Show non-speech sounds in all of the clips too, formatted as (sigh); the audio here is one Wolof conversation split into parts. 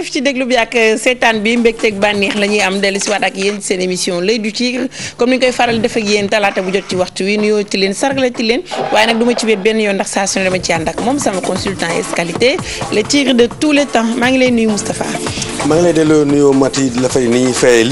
jëf ci déglu bi ak euh, seetaan bi mbégteeg bànneex la ñuy am dellu siwaat ak yéen seen émission l'Oeil du Tigre comme ni koy faral def ak yéen talaata bu jot ci waxtu wi nuyoo ci leen sargale ci leen waaye nag du ma ci wéet benn yoon ndax saa su ne dama ci ànd ak moom sama consultant es le tigre de tous les temps maa ngi lay nuyu Moustapha. maa ngi lay delloo nuyoo Mati la fay ni ñuy fay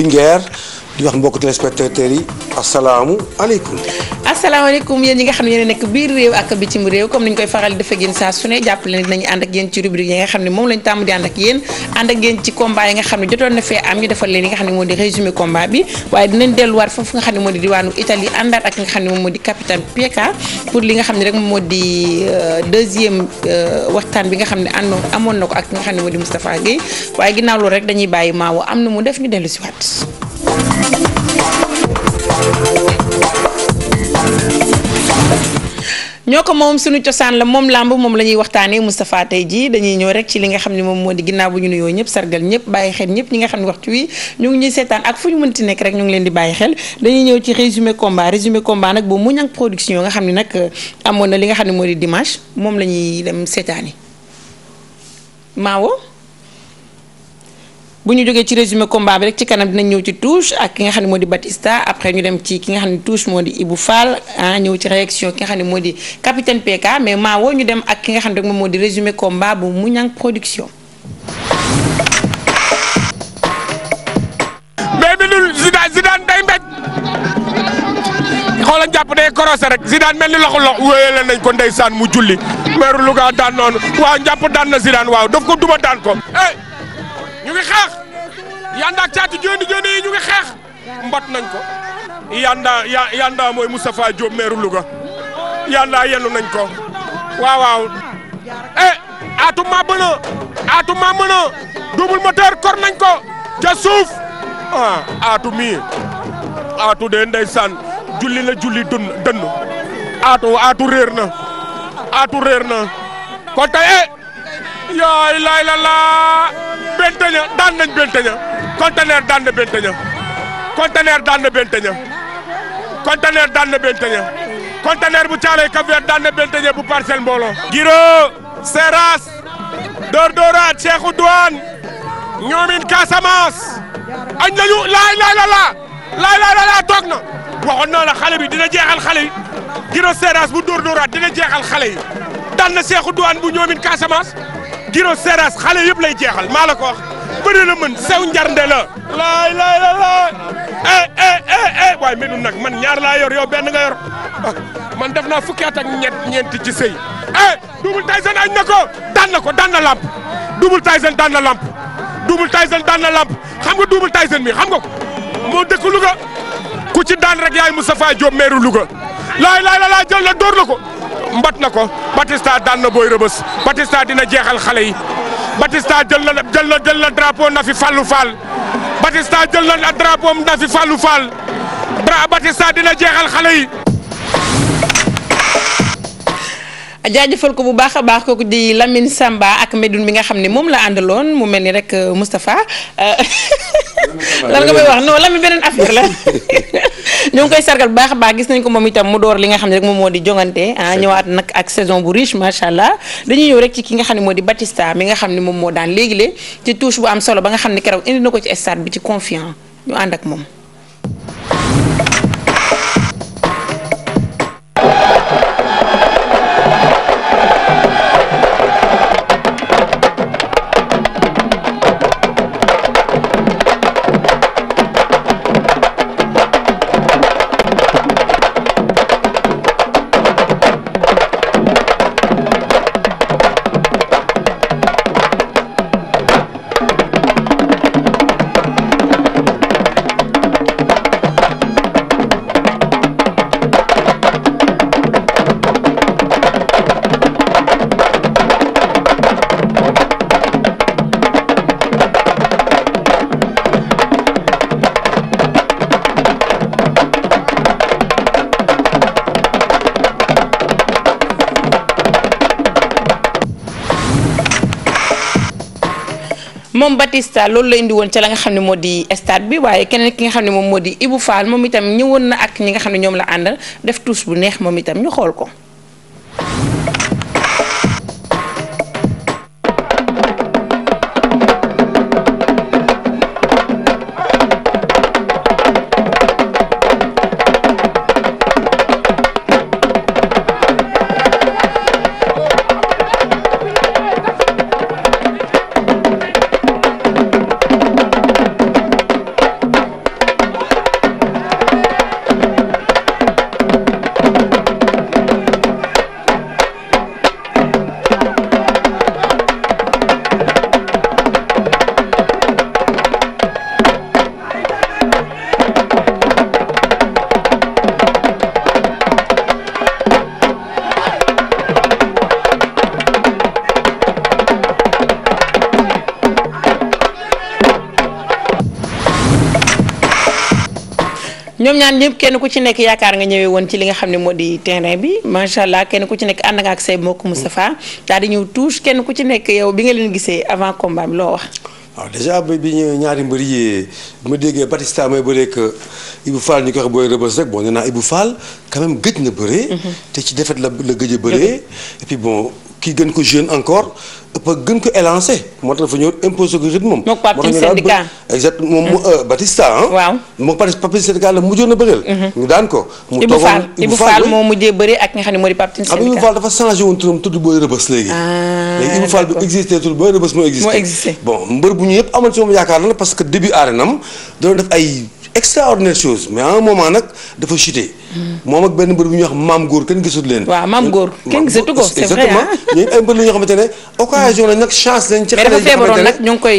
di wax mbokk téléspectateurs yi asalaamu aleykum asalaamaaleykum yéen ñi nga xam ne yéen nekk biir réew ak bitim réew comme faral di def ak yéen saa su ne jàppale ne dinañu moom lañ tàmm di ànd ak yéen ànd ak yéen xam ne jotoon na fee am ñu defal leen yi nga xam ne moo di résumé combat bi waaye dinañ delluwaat foofu nga xam ne moo di diwaanu Italie àndaat ak nga xam ne moom di capitaine Pieka pour li nga xam ne rek moo di euh, deuxième euh, waxtaan bi nga xam ne àndoon amoon na ko ak nga xam ne moo di Moustapha Guèye waaye ginnaaw loolu rek dañuy bàyyi maawo am na mu def ñu dellu si waat ñoo ko moom suñu cosaan la moom làmb moom lañuy waxtaanee mustafaate tey jii dañuy ñëw rek ci li nga xam ne moom moo di ginnaaw bu ñu yooyu ñëpp sargal ñëpp bàyyi xel ñëpp ñi nga xam ne waxtu wi ñu ngi ñuy seetaan ak fu ñu mënti nekk rek ñu ngi leen di bàyyi xel dañuy ñëw ci résumé combat résumé combat nag boobu muñ ak production nga xam ni nag euh, amoon na li nga xam ne moo di dimanche moom la ñuy dem seetaani Maawo. bu ñu jógee ci résumé combat bi rek ci kanam dinañ ñëw ci touche ak ki nga xam ne moo di Batista après ñu dem ci ki nga xam ne touche moo di Ibou Fall ah ñëw ci réaction ki nga xam ne moo di capitaine PK mais maa woo ñu dem ak ki nga xam ne moom moo di résumé combat bu Mouniang production. mais bi dul Zidane Zidane day mbéj jàpp day korose rek Zidane mel ni loxo loxo wéyale nañ ko ndeysaan mu julli meeru Louga daan noonu waaw njàpp daan na Zidane waaw daf ko duma daan ko. Eh! ñu ngi xeex yanda ak caatu jooni jooni yi ñu ngi xeex mbot nañ ko yanda yanda mooy Moustapha Diop meeru Louga yanda yellu nañ ko waaw waaw eh atum maa bëna atum maa mëna double moteur kor nañ ko ca suuf ah aatu mii aatu de ndeysaan julli la julli dun dënn aatu aatu réer na aatu réer na kon tey eh yaay laay la Benteña daan nañ Benteña conteneur daan na Benteña conteneur daan na Benteña conteneur daan na Benteña conteneur bu Thialé Cap-Vert na Benteña bu Parcelles Mbooloo. Giro Seras Dóor Dóoraat Cheikhou Douane ñoomin Casamance. añ nañu laay laay la laa laay laay toog na waxoon naa la xale bi dina jeexal xale yi Giro Seras bu Dóor Dóoraat dina jeexal xale yi daan na Cheikhou Douane bu ñoomin Casamance. Giro Seras xale yëpp lay jeexal maa la ko bëri la mën sew njarnde la. laay la laay. eh eh eh eh waaye Médoune nag man ñaar laa yor yow benn nga yor ah, man def naa fukki at ak ñett ñeenti ci sëy. eh Double Tyson añ na ko daan na ko daan na lamp Double Tyson daan na lamp Double Tyson daan na lamp nga Double Tyson mi xam nga ko moo dëkk Louga ku ci daan rek yaay Moustapha Diop meeru Louga laay laay la laay jël na door na ko. mbat na ko Batista daan na booy rëbës Batista dina jeexal xale yi Batista jël na jël na jël na drapeau na fi fàllu faal Batista jël na drapeau na fi fàllu faal Batista dina jeexal xale yi. jaajëfal ko bu baax a baax kooku di lamin Samba ak Medoune mi nga xam ne moom la àndaloon mu mel ni rek euh, Moustapha euh, lan nga may wax non Lamine beneen affaire la (laughs) ñoo ngi koy sargal bu baax a baax gis nañ ko moom itam mu door li nga xam ne moom moo di jongante ah, ñëwaat nag ak saison bu riche macha allah dañuy yow rek ci ki nga xam ne moo di Batista mi nga xam ne moom moo daan léegi le ci touche bu am solo ba nga xam ni keroog indi na ko ci stade bi ci confiant ñu ànd ak moom. moom Batista loolu la indi ca la nga xam ne moo di stade bi waaye keneen ki nga xam ne moom moo di Ibou moom itam ñëwoon na ak ñi nga xam ne ñoom la àndal def tuus bu neex moom itam ñu xool ko. naan ñëpp kenn ku ci nekk yaakaar nga ñëwee woon ci li nga xam ne moo di terrain bi macha allah kenn ku ci nekk ànd nga ak say mbokk Moustapha daal di ñëw touche kenn ku ci nekk yow bi nga leen gisee avant combat bi loo wax. waaw dèjà bi ñu ñaari mbër yi ma déggee Batista may bëree que Ibou Fall ñu koy booy rëbës rek bon nee naa Ibou Fall gëj na bëree. Mhm. te ci défaite la gëj a bëree. Mhm. et bon kii gën ko jeune encore ba gën ko élancé moo tax dafa ñëw imposé ko rythme moom. moog parti syndicat exact moom mu mm. euh, mujjoon a bëreel. Mm-hmm. ñu daan ko. mu toogoon moo mujjee bëri ak nga xam ne moo di parti xam nga dafa changé woon booy rëbës léegi. Ah, léegi Ibou Fall bi booy rëbës moo existé. bon mbër bu ñu yëpp amoon ci moom yaakaar na parce que début arène am doon def ay. extraordinaire chose mais à un nag dafa chuté. moom benn mbër bu maam góor kenn gisut leen. maam góor kenn gisatu ko c'est vrai exactement ñun ay mbër occasion la nag chance lañ. ci xale yi nag ñu ngi koy.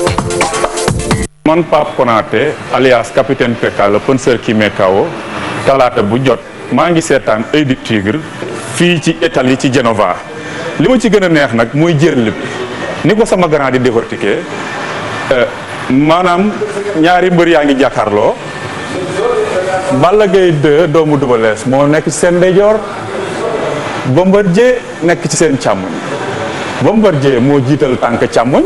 man Pape Konaté alias capitaine Peka la penseur ki Mekao talaata bu jot maa ngi seetaan Oeil du Tigre fii ci Italie ci Genova lima ci gën a neex nag mooy jërli bi ni ko sama grand di décortiquer euh, maanaam ñaari mbër yaa ngi jàkkarloo Balla Gaye 2 doomu Double moo nekk ci seen ndeyjoor Bombardier nekk ci seen càmmoñ jee moo jiital tànk càmmoñ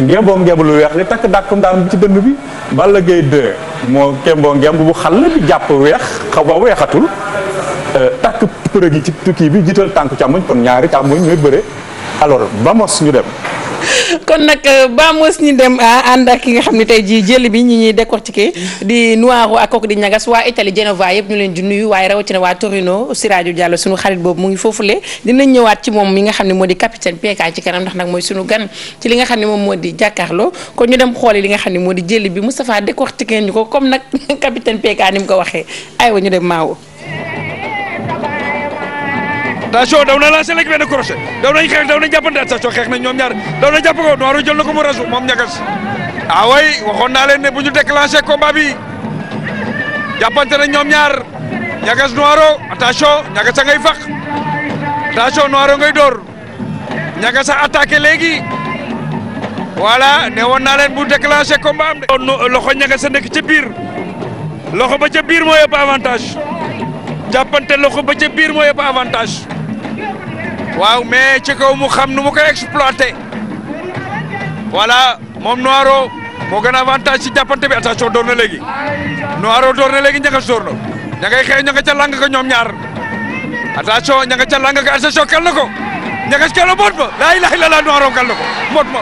ngemboo ngemb lu weex li takk dàkkam daan bi ci dënn bi bala Gaye 2 moo ngemboo ngemb bu xal bi jàpp weex xaw ba weexatul euh, takk përëg yi ci tukki bi jiital tànk càmmoñ kon ñaari càmmoñ ñooy bëre alors vamos ñu dem kon nag euh, baamos ñu dem ah, ànd ak ki nga xam ne tey jii jël bi ñi ñuy décortiquer di Noiro ak kooku di ñagas waa Italie Genova yëpp ñu leen di nuyu waaye rawatina waa Torino Siradio Diallo suñu xarit boobu mu ngi foofule dinañ ñëwaat ci moom mi nga xam ne moo di capitaine PK ci kanam ndax nag mooy suñu gan ci li nga xam ne moom moo di jàkkaarloo kon ñu dem xooli li nga xam ne moo di jël bi Moustapha décortiquer ñu ko comme nag (laughs) capitaine PK ni mu ko waxee aywa ñu dem maawo attention daw na lancé léegi benn na daw nañ xeex daw nañ jàppante attention xeex nañ ñoom ñaar daw na jàpp ko noiro jël na ko mu moom ñagas ah waxoon naa leen bu ñu déclenché combat bi ñoom ñaar ñagas noiro attention ñagas a ngay faq attention noiro ngay door ñagas a attaqué léegi voilà ne woon naa leen bu déclenché combat am de. loxo ñagas a nekk ca biir loxo ba ca biir moo yëpp avantage jàppante loxo ba ca biir moo avantage. waaw mais ci kaw mu xam nu mu koy exploité voilà moom Noiro moo gën a avantage ci jàppante bi attention door na léegi Noiro door léegi ñagas door na ña ngay xëy ña nga ca lang ñoom ñaar attention ña nga ca lang ka attention kal na ko ñagas kal na mot ma laa ilaaha illallaah Noiro ko mot ma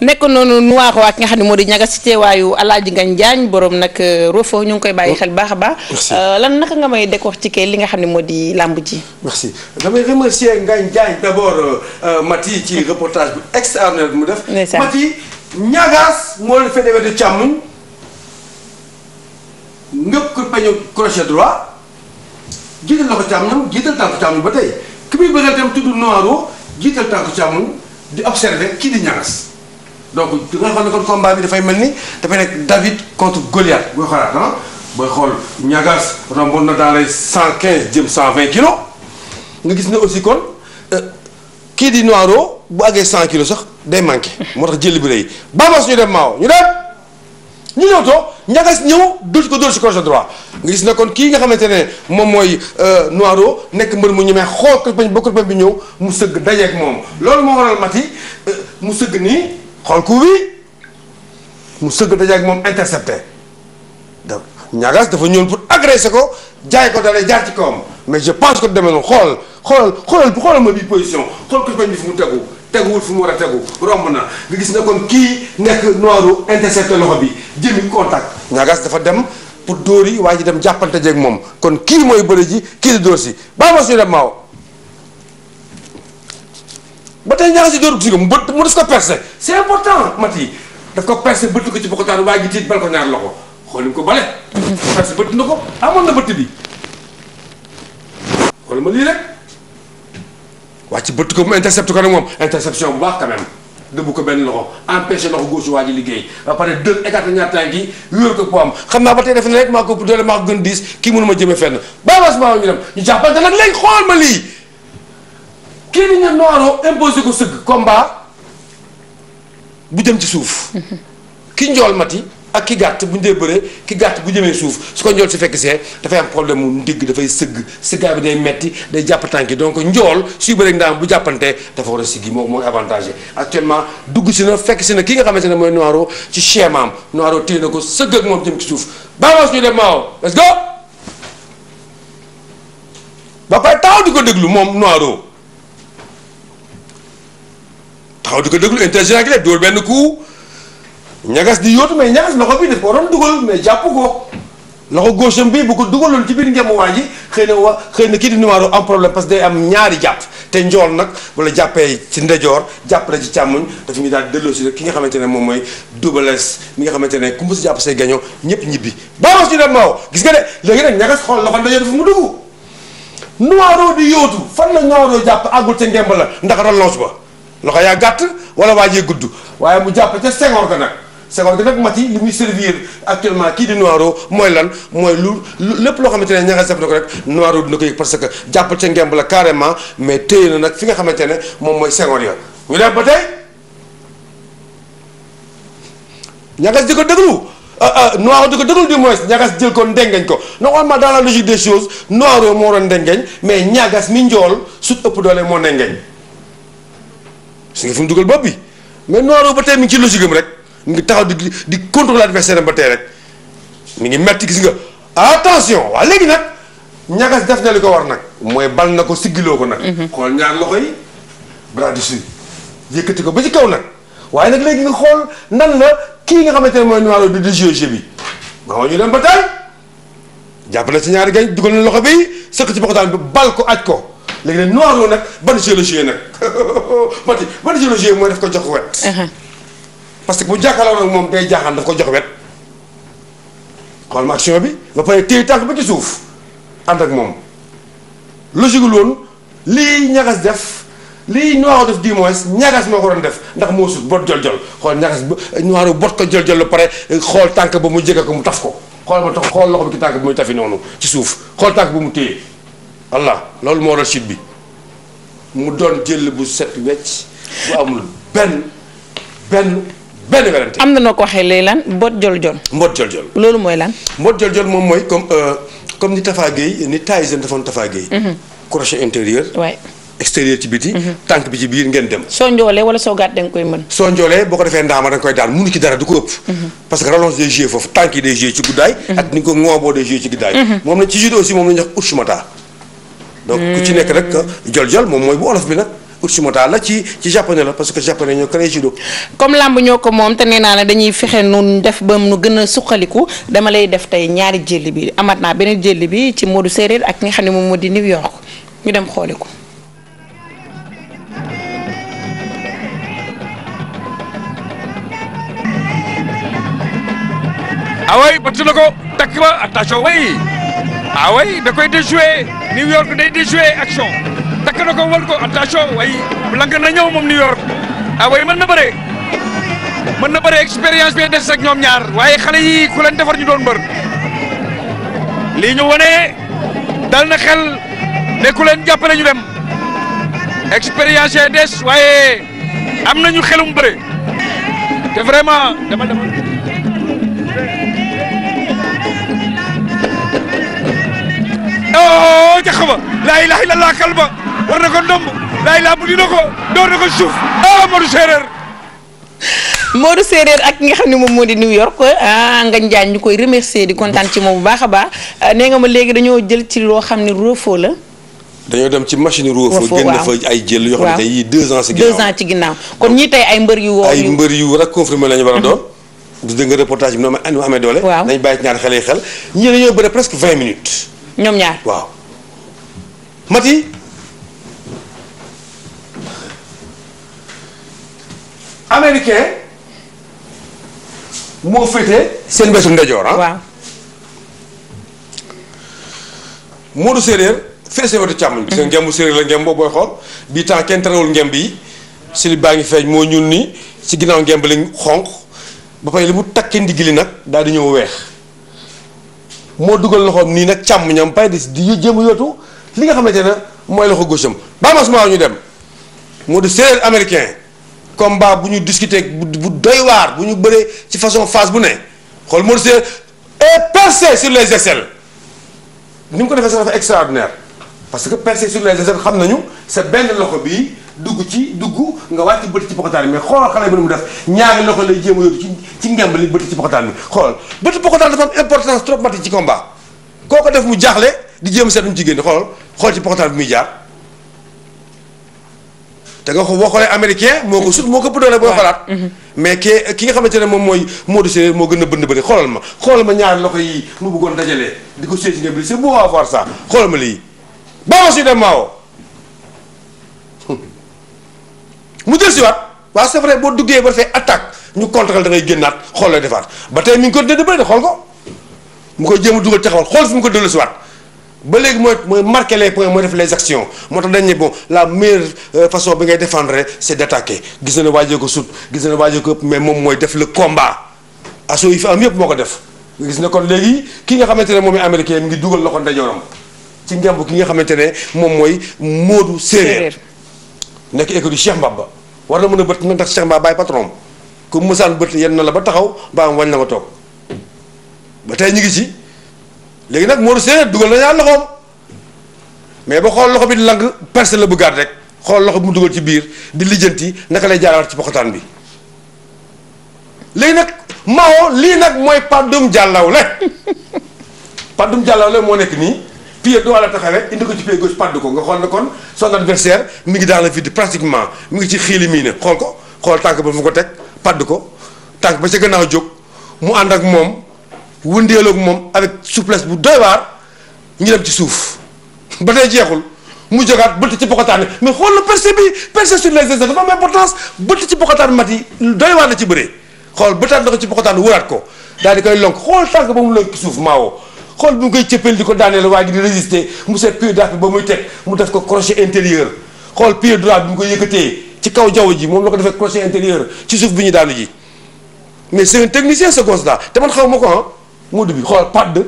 nekk noonu nu ak nga xam ne moo di ñaga si teewaayu Alaaji Ngagne Diagne borom nag euh, Rofo ñu ngi koy bàyyi xel baax a baax. Euh, lan naka nga may décortiquer li nga xam ne moo di làmb ji. merci damay remercier Ngagne Diagne d' abord euh, Mati ci reportage bu def. Mati ñagaas moo la fédéwé de càmmuñ ngëpp ku peñu crochet droit jiital loxo càmmoñ jiital tànku ba tey ki muy jiital tànku càmmoñ di observer kii di ñagas donc di nga xool ne kon combat bi dafay mel ni dafay nekk David contre Goliath booy xoolaat ah booy xool ñagas romboon na dans les cent quinze jëm cent vingt kilos nga gis ne aussi kon euh, kii di noiro bu àggee cent kilos sax day manqué moo tax jëli bi rëy baamas ñu dem ñu dem ñu ñëw too ñagas ñëw dóor ko dóor si crochet droit nga gis ne kon kii nga xamante ne moom mooy euh, noiro nekk mbër mu ñemee xool ko bañ ba bi ñëw mu sëgg dajeeg moom loolu moo waral mati euh, mu sëgg nii xool ku wi mu sëgg daje ak moom intercepté donc ñagas dafa ñëwoon pour agresser ko jaay ko dalee jaar ci kawam mais je pense que demee noonu xool xoolal xoolal xoolal ma bii position xool ko bañ bi fu mu tegu teguwul fu mu war a tegu romb na bi gis ne kon kii nekk noiru intercepté loxo bi jëmi contact ñagas dafa dem pour dóor yi waa ji dem jàppante jeeg moom kon kii mooy bëri ji kii di dóor si baa ma suñu dem maaw ba tey ñaar si dóor si mu bët mu des ko percé c'est important mat yi daf ko percé bëtt ko ci bokkotaan waa ji tiit bal ko ñaar loxo xool ko bale. percé bëtt na ko amoon na bëtt bi ma lii rek wàcc bëtt ko mu intercepte ko nag moom interception bu baax quand même dëbbu ko benn loxo empêché loxo gauche waa ji liggéey ba pare deux écarté ñaar tànk yi ko po am xam naa ba tey def na rek maa ko doole maa ko gën diis kii mënuma jëme fenn ba avancement ñu dem ñu jàppante nag léegi xool kii nga nooroo imposé ko sëgg combat bu jëm ci suuf (laughs) ki njool mati ak ki gàtt bu ñu ki gàtt bu jëmee suuf su ko njool si fekk see dafay am problème mu ndigg dafay sëgg sëggaay bi day metti day jàpp tànki donc njool suy bëree ndaam bu jàppantee dafa war a siggi moom mooy avantage actuellement dugg si na fekk si na ki nga xamante ne mooy noiro ci schémaam noiro téye na ko sëgg ak moom jëm ci suuf baamoos ñu dem maawo let's go ba pare taxaw di ko déglu moom noiro taxaw di ko déglu intergéant ak lépp dóor benn coup ñagas di yootu mais ñagas loxo bi daf ko waroon dugal mais jàpp ko loxo gauche bi bu ko dugaloon ci biir ngemuwaa ji xëy na kii di numéro am problème parce que day am ñaari jàpp te njool nag wala jàppee ci ndejoor jàpp la ci càmmoñ daf ñu daal delloo si rek ki nga xamante ne moom mooy dubales mi nga xamante ne ku mu si jàpp say gaño ñëpp ñibbi baros ñu dem maaw gis nga de léegi nag ñagas xool loxo ndejoor dafa mu dugg noiro di yóotu fan la noiro jàpp àggul la ndax rallonge ba loxo yaa gàtt wala waajee gudd waaye mu jàpp ca sengoor ga nag sengoor ga nag mati li muy servir actuellement kii di Noiro mooy lan mooy lu lépp loo xamante ne ñaxas def na ko rek Noiro dina ko yëg que jàpp ca ngemb la carrément mais téye nag fi nga xamante ne moom mooy sengoor ya ñu ba tey ñaxas di ko déglu. Ah, ah, noiro di ko dëggal du moins ñagas ko ndengeñ ko normalement dans la logique des choses mais ñagas mi njool sut ëpp doole moo ndengeñ su nga fu mu dugal bopp bi mais Noireau ba tey mi ngi ci logique rek mu ngi taxaw di di contrôler adversaire ba tey rek mi ngi metti gis nga attention waa léegi nag ñagas def na li ko war nag mooy bal na ko siggiloo ko nag mhm. xool ñaar loxo yi bras dessus yëkkati ko ba ci kaw nag waaye nag léegi nga xool nan la kii nga xamante ne mooy Noireau bi di jeu bi waaw ñu dem ba tey jàpp na ci ñaari gañ dugal na loxo bi sëkk ci boxtaan bi bal ko aj ko léegi nag noir lu nag ban géologie nag (laughs) Mati ban géologie mooy def ko jox wet. Uh-huh. parce que bu jàkkaarloo nag moom day jaaxaan daf ko jox wet. xool ma bi ba pare téye tànk suuf ànd ak moom logique loolu lii ñagas def lii noir def du moins ñagas moo ko doon def ndax moo sut bot jol-jol xool ñagas noir bot ko jol-jol ba pare xool tànk ba mu jege ko mu taf ko xool ma tax xool loxo bi ki tànk bi muy tafi noonu ci suuf xool tànk bu mu téye. allah loolu moo doon chute bi mu doon jël bu set wecc bu amul benn benn benn werante. am na noo ko waxee lan mbot jol jol. mbot jol loolu mooy lan. mbot jol jol moom mooy comme euh, comme ni Tafa Gueye ni Tyson defoon Tafa Gueye. Mhm. crochet intérieur. waay extérieur mhm. bi ci biir ngeen dem. soo njoolee wala soo da nga koy mën. soo njoolee boo ko donc ku ci nekk rek jol jol moom mooy bu olof bi nag utsumotaa la ci ci la parce que japonais ñoo créé judo comme làmb ñoo ko moom te nee naa la dañuy fexe nu def ba nu gën a suqaliku dama lay def tey ñaari jëlli bi amat naa beneen jëlli bi ci Modou Séeréer ak ki nga xam ne moom moo di New York ñu dem xooli ko ah oui da koy déjoué New York day déjoué action takk na ko wal ko attention way lang na ñëw moom New York ah way mën na bëre mën na bëre expérience bi des ak ñoom ñaar waaye xale yi ku leen defar ñu doon mbër lii ñu wane dal na xel ne ku leen jàppale ñu dem expérience des waaye am nañu xelum bëre te vraiment dama oo oh, jaxaba laa ilaha illallah kalba war na ko ndomb laa ilaha bu dina ko door na ko suuf ah Modou Séeréer Modou Séeréer ak nga xam ne moom moo di New York ah, nga njaañ ñu koy remercier di kontaan ci moom bu baax a baax ah, nee nga ma léegi dañoo jël ci loo xam ni roofoo la dañoo dem ci machine ruufoo génn fa ay jël yoo xam ne tey deux ans ci ginnaaw kon ñii tey ay mbër yu woo ay mbër yu rek confirmé la ñu war a doon du (laughs) dégg nga reportage bi noonu ma amee doole nañ bàyyi ci ñaari xale yi xel vingt minutes ñoom ñaar waaw. Mati américain moo féete seen bésu ndejoor ah. waaw. Modou séeréer féete seen wetu càmmoñ bi. Mhm. seen ngembu séeréer la ngemb booy xool bii temps kenn terewul ngemb yi silib baa ngi feeñ moo ñuul ni ci ginnaaw ngemb li xonq ba pare li mu takkee ndigg li nag daal di ñëw weex. moo dugal loxoom nii nag càmm ñam pay di di jéem yootu li nga xamante ne mooy loxo gauche am Bahamas maa ñu dem moo di séeréer américain combat bu ñu discuter bu doy waar bu ñu bëree ci façon phase bu ne xool moo di séeréer et percé sur les aisselles ni mu ko defee sax dafa extraordinaire parce que percer sur les réserves xam nañu sa benn loxo bi dugg ci dugg nga wàcc bëtt ci pokotaan mais xoolal xale bi nu mu def ñaari loxo lay jéem a yóbbu ci ci ngemb li bëtt ci pokotaan bi xoolal bëtt pokotaan koo ko def mu jaaxle di jéem seet mu ci génn xoolal xool ci pokotaan bi muy jaar te nga ko boo xoolee moo ko sut moo ko ëpp doole booy xalaat mhm. mais ki nga xamante ne moom mooy Modou Sénéer moo gën a bënd bëri xoolal ma xoolal ma ñaari loxo yi mu bëggoon dajalee di ko séet ci ngemb li c'est beau à voir ça xoolal ma lii Vamos Idda Mao mu jël si waat waaw c'est vrai boo duggee ba defee attaque ñu contre da ngay génnaat xool lay defaat ba tey mi ngi ko dëdd ba de xool ko mu koy jéem a dugal taxawal xool fi mu ko dellu si waat ba léegi mooy mooy marquer les points mooy def les actions moo tax dañ ne bon la meilleure euh, façon bi ngay défendre c'est d'attaquer gis na ne waajee ko sut gis na ne waajee ko ëpp mais moom mooy def le combat asso yi fi am yëpp moo ko def gis na kon léegi ki nga xamante ne moom i américain mi ngi dugal loxo ndeyjooram ci ngemb ki nga xamante ne moom mooy Modou Séeréer nekk écurie Cheikh Mbaba war na mën a bët na tax Cheikh Mbaba bàyyi patron ku mësaan bët yenn na la ba taxaw ba am wañ la nga toog ba tey ñu ngi ci léegi nag Modou Séeréer dugal na ñaar loxoom mais ba xool loxo bi di lang personne la bu gaat rek xool loxo bi mu dugal ci biir di lijjanti naka lay jaaraat ci poxotaan bi léegi nag Mao lii nag mooy pàddum jàllawle pàddum jàllawle moo nekk nii pied droit la taxawee indi ko ci pied gauche padd ko nga xool ne kon son adversaire mi ngi dans le vide pratiquement mi ngi ci xiili ne xool ko xool tànk ba fu ko teg padd ko tànk ba ca gannaaw jóg mu ànd ak moom wëndeeloo moom avec souplesse bu doy waar ñu ci suuf ba tey jeexul mu jógaat bëtt ci pokotaan mais xool la percé bi am importance bëtt ci pokotaan mat yi doy waar la ci bëree xool bëttaat na ko ci pokotaan wëraat ko daal di koy xool tànk ba mu suuf maawoo xool bu ñu koy cëppeel di ko daaneel waa ji di résister mu seet pied droit bi mu def ko crochet intérieur xool pied droit bi mu ko yëkkatee ci kaw jaww ji moom la ko defee crochet intérieur ci suuf bi ñu daanu ji mais c'est un technicien ce gosse te man xaw ma ko ah Modou bi xool padd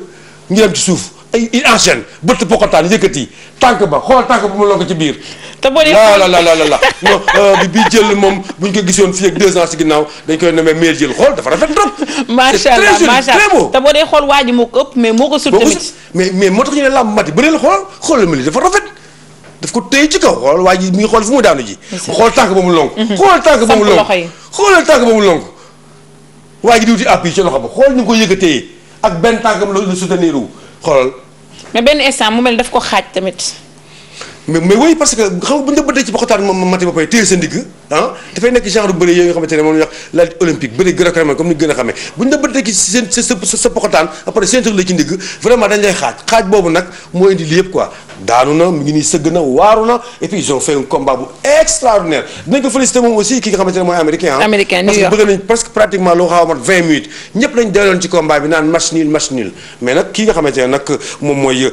ñu dem ci suuf il enchaîne bëtt yëkkati tànk ba xool tànk ba mu loo ko ci biir. te boo dee la la la la (laughs) euh, bi bii jël moom bu ñu ko gisoon fii ak deux ans si ginnaaw dañ koy nommer meilleur jël xool dafa rafet trop. macha allah macha allah te boo dee xool waa ji moo ko ëpp mais moo ko sut tamit mais waa ji mi xool fu mu xool tànk ba mu lonk. Mhm. xool tànk ba mu lonk xoolal tànk ba mu lonk. waa ji di wuti appui ci loxo ba xool ni mu ko yëkkatee ak benn tànkam la soutenir wu xoolal mais benn instant mu mel daf ko xaaj tamit mais mais parce que xam nga bu ñu la bëttee ci ah, nga bëttee ci seen sa sa sa boxotaan après seen la ci ndigg nag moo nga xamante ne mooy nag moom mooy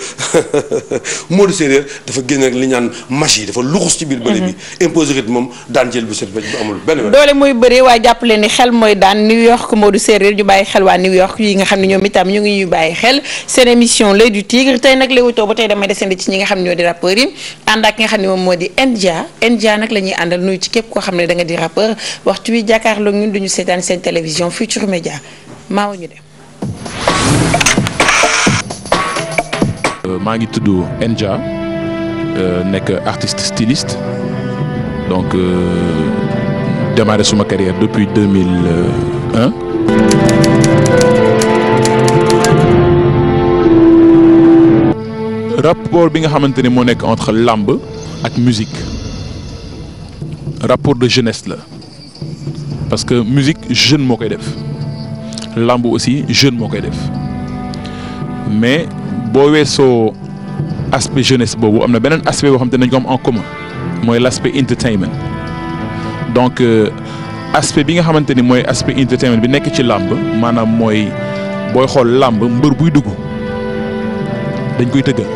(laughs) Modou Séréer dafa génn li ñaan machine dafa luxus ci biir bëri bi mhm. imposé rythme moom daan jël bu set ba amul benn doole muy bëri waaye jàpp ni xel mooy daan New York Modou Séréer ñu bàyyi xel waa New York yi nga xam ne ñoom itam ñu ngi ñuy bàyyi xel seen émission l'œil du tigre tey nag Leewtoo ba tey damay desandi ci ñi nga xam ne ñoo di rappeurs yi ànd ak ki nga xam ne moom moo di Ndia Ndia nag la ñuy àndal nuyu képp ko xam ne danga nga di rappeur waxtu wi jàkkaarloo ñun duñu seetaan seen télévision Futurs Médias maawa ñu dem euh, maa ngi tudd Euh, nekk artiste styliste donc euh, démarré suma carrière depuis 2001. rapport bi nga xamante ne moo nekk entre làmb ak musique rapport de jeunesse la parce que musique jeune moo koy def lamb aussi jeune moo koy def mais boo weesoo. aspect jeunesse boobu am na beneen aspect boo xam te nañ ko am en commun mooy l' aspect entertainment donc euh, aspect bi nga xamante ni mooy aspect entertainment bi nekk ci làmb maanaam mooy booy xool làmb mbër buy dugg dañ koy tëggal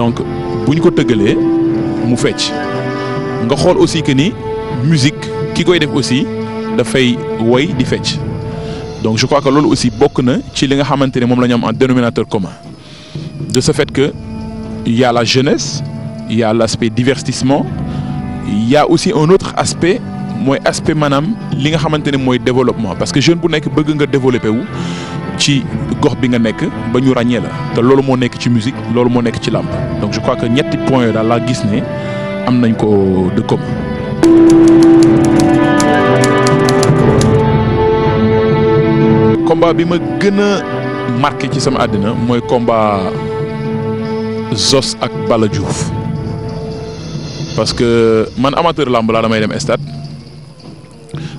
donc bu ñu ko tëggalee mu fecc nga xool aussi que ni musique ki koy def aussi dafay woy di fecc donc je crois que loolu aussi bokk na ci li nga xamante ne moom la am en dénominateur comment de ce fait que il y jeunesse il y a l'aspect divertissement yà aussi un autre aspect mooy aspect maanaam li nga xamante ne mooy développement parce que jeune bu nekk bëgg nga développé wu ci gox bi nga nekk ba ñu ràññee la te loolu moo nekk ci musique loolu moo nekk ci làmb donc je crois que ñetti points yooyu daal laa gis ne am nañ ko de commun. bi ma gën a marqué ci sama àddina mooy combat. Zos ak Bala Diouf parce que man amateur lamb laa damay dem stade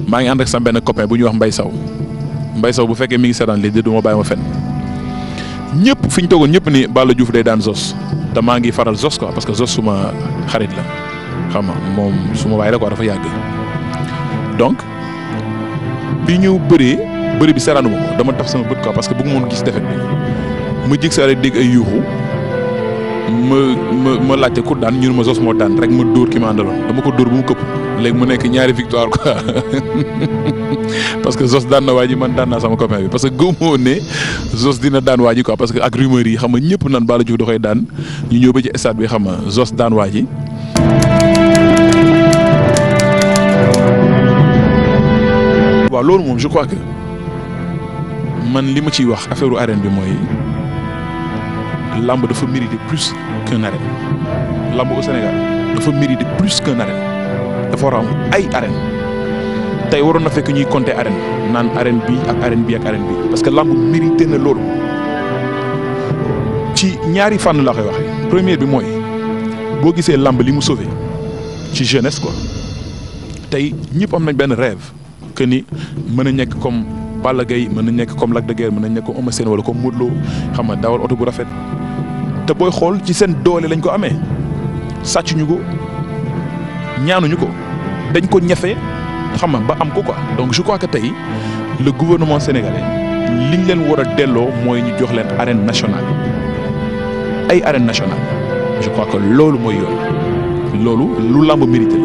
maa ngi ànd ak sama benn copain bu ñuy wax mbay Sow Mbaye Sow bu fekkee mi ngi seetaan lii di du bàyyi ma fen ñëpp fi ñu toogoon ñëpp ni Bala Diouf day daan Zos te maa ngi faral Zos ko parce que Zos suma xarit la xam nga moom suma waay la quoi dafa yàgg donc bi ñu bëree bëri bi seetaanuma ko dama taf sama bët ko parce que bëgg moon gis defet bi mu jig sa rek dégg ay yuuxu. ma ma ma laajte ku daan ñu ma sos moo daan rek ma dóor ki ma àndaloon dama ko dóor bu mu këpp léegi mu nekk ñaari victoire quoi (laughs) parce que sos daan na waa ji man daan naa sama copain bi parce que gëmmu woon ne sos dina daan waa ji quoi parce que ak rumeur yi xam nga ñëpp naan Balla Diouf da koy daan ñu ñëw ba ci stade bi xam nga daan waa ji waaw loolu moom je crois que man li ma ciy wax affaire arène bi mooy. làmb dafa mérité plus qu'un arène làmb ko Sénégal dafa mérité plus qu'un arène dafa war a am ay arène tey waroon na fekk ñuy compter arène naan arène bi ak arène bi ak arène bi parce que làmb mérité na loolu ci ñaari fànn laa koy première bi mooy boo gisee làmb li mu sauvé ci jeunesse quoi tey ñëpp am nañ benn rêve que ni mën a ñekk comme Balla Gaye mën na nekk comme Lac de Guiers mën na nekk comme Eumeu Sène wala comme Modou xam nga dawal oto bu rafet te booy xool ci seen doole lañ ko amee sàccuñu ko ñaanuñu ko dañ ko ñafe xam nga ba am ko quoi donc je crois que tey le gouvernement sénégalais liñ leen war a delloo mooy ñu jox leen arène nationale ay arène nationale je crois que loolu mooy yoon loolu lu làmb mérité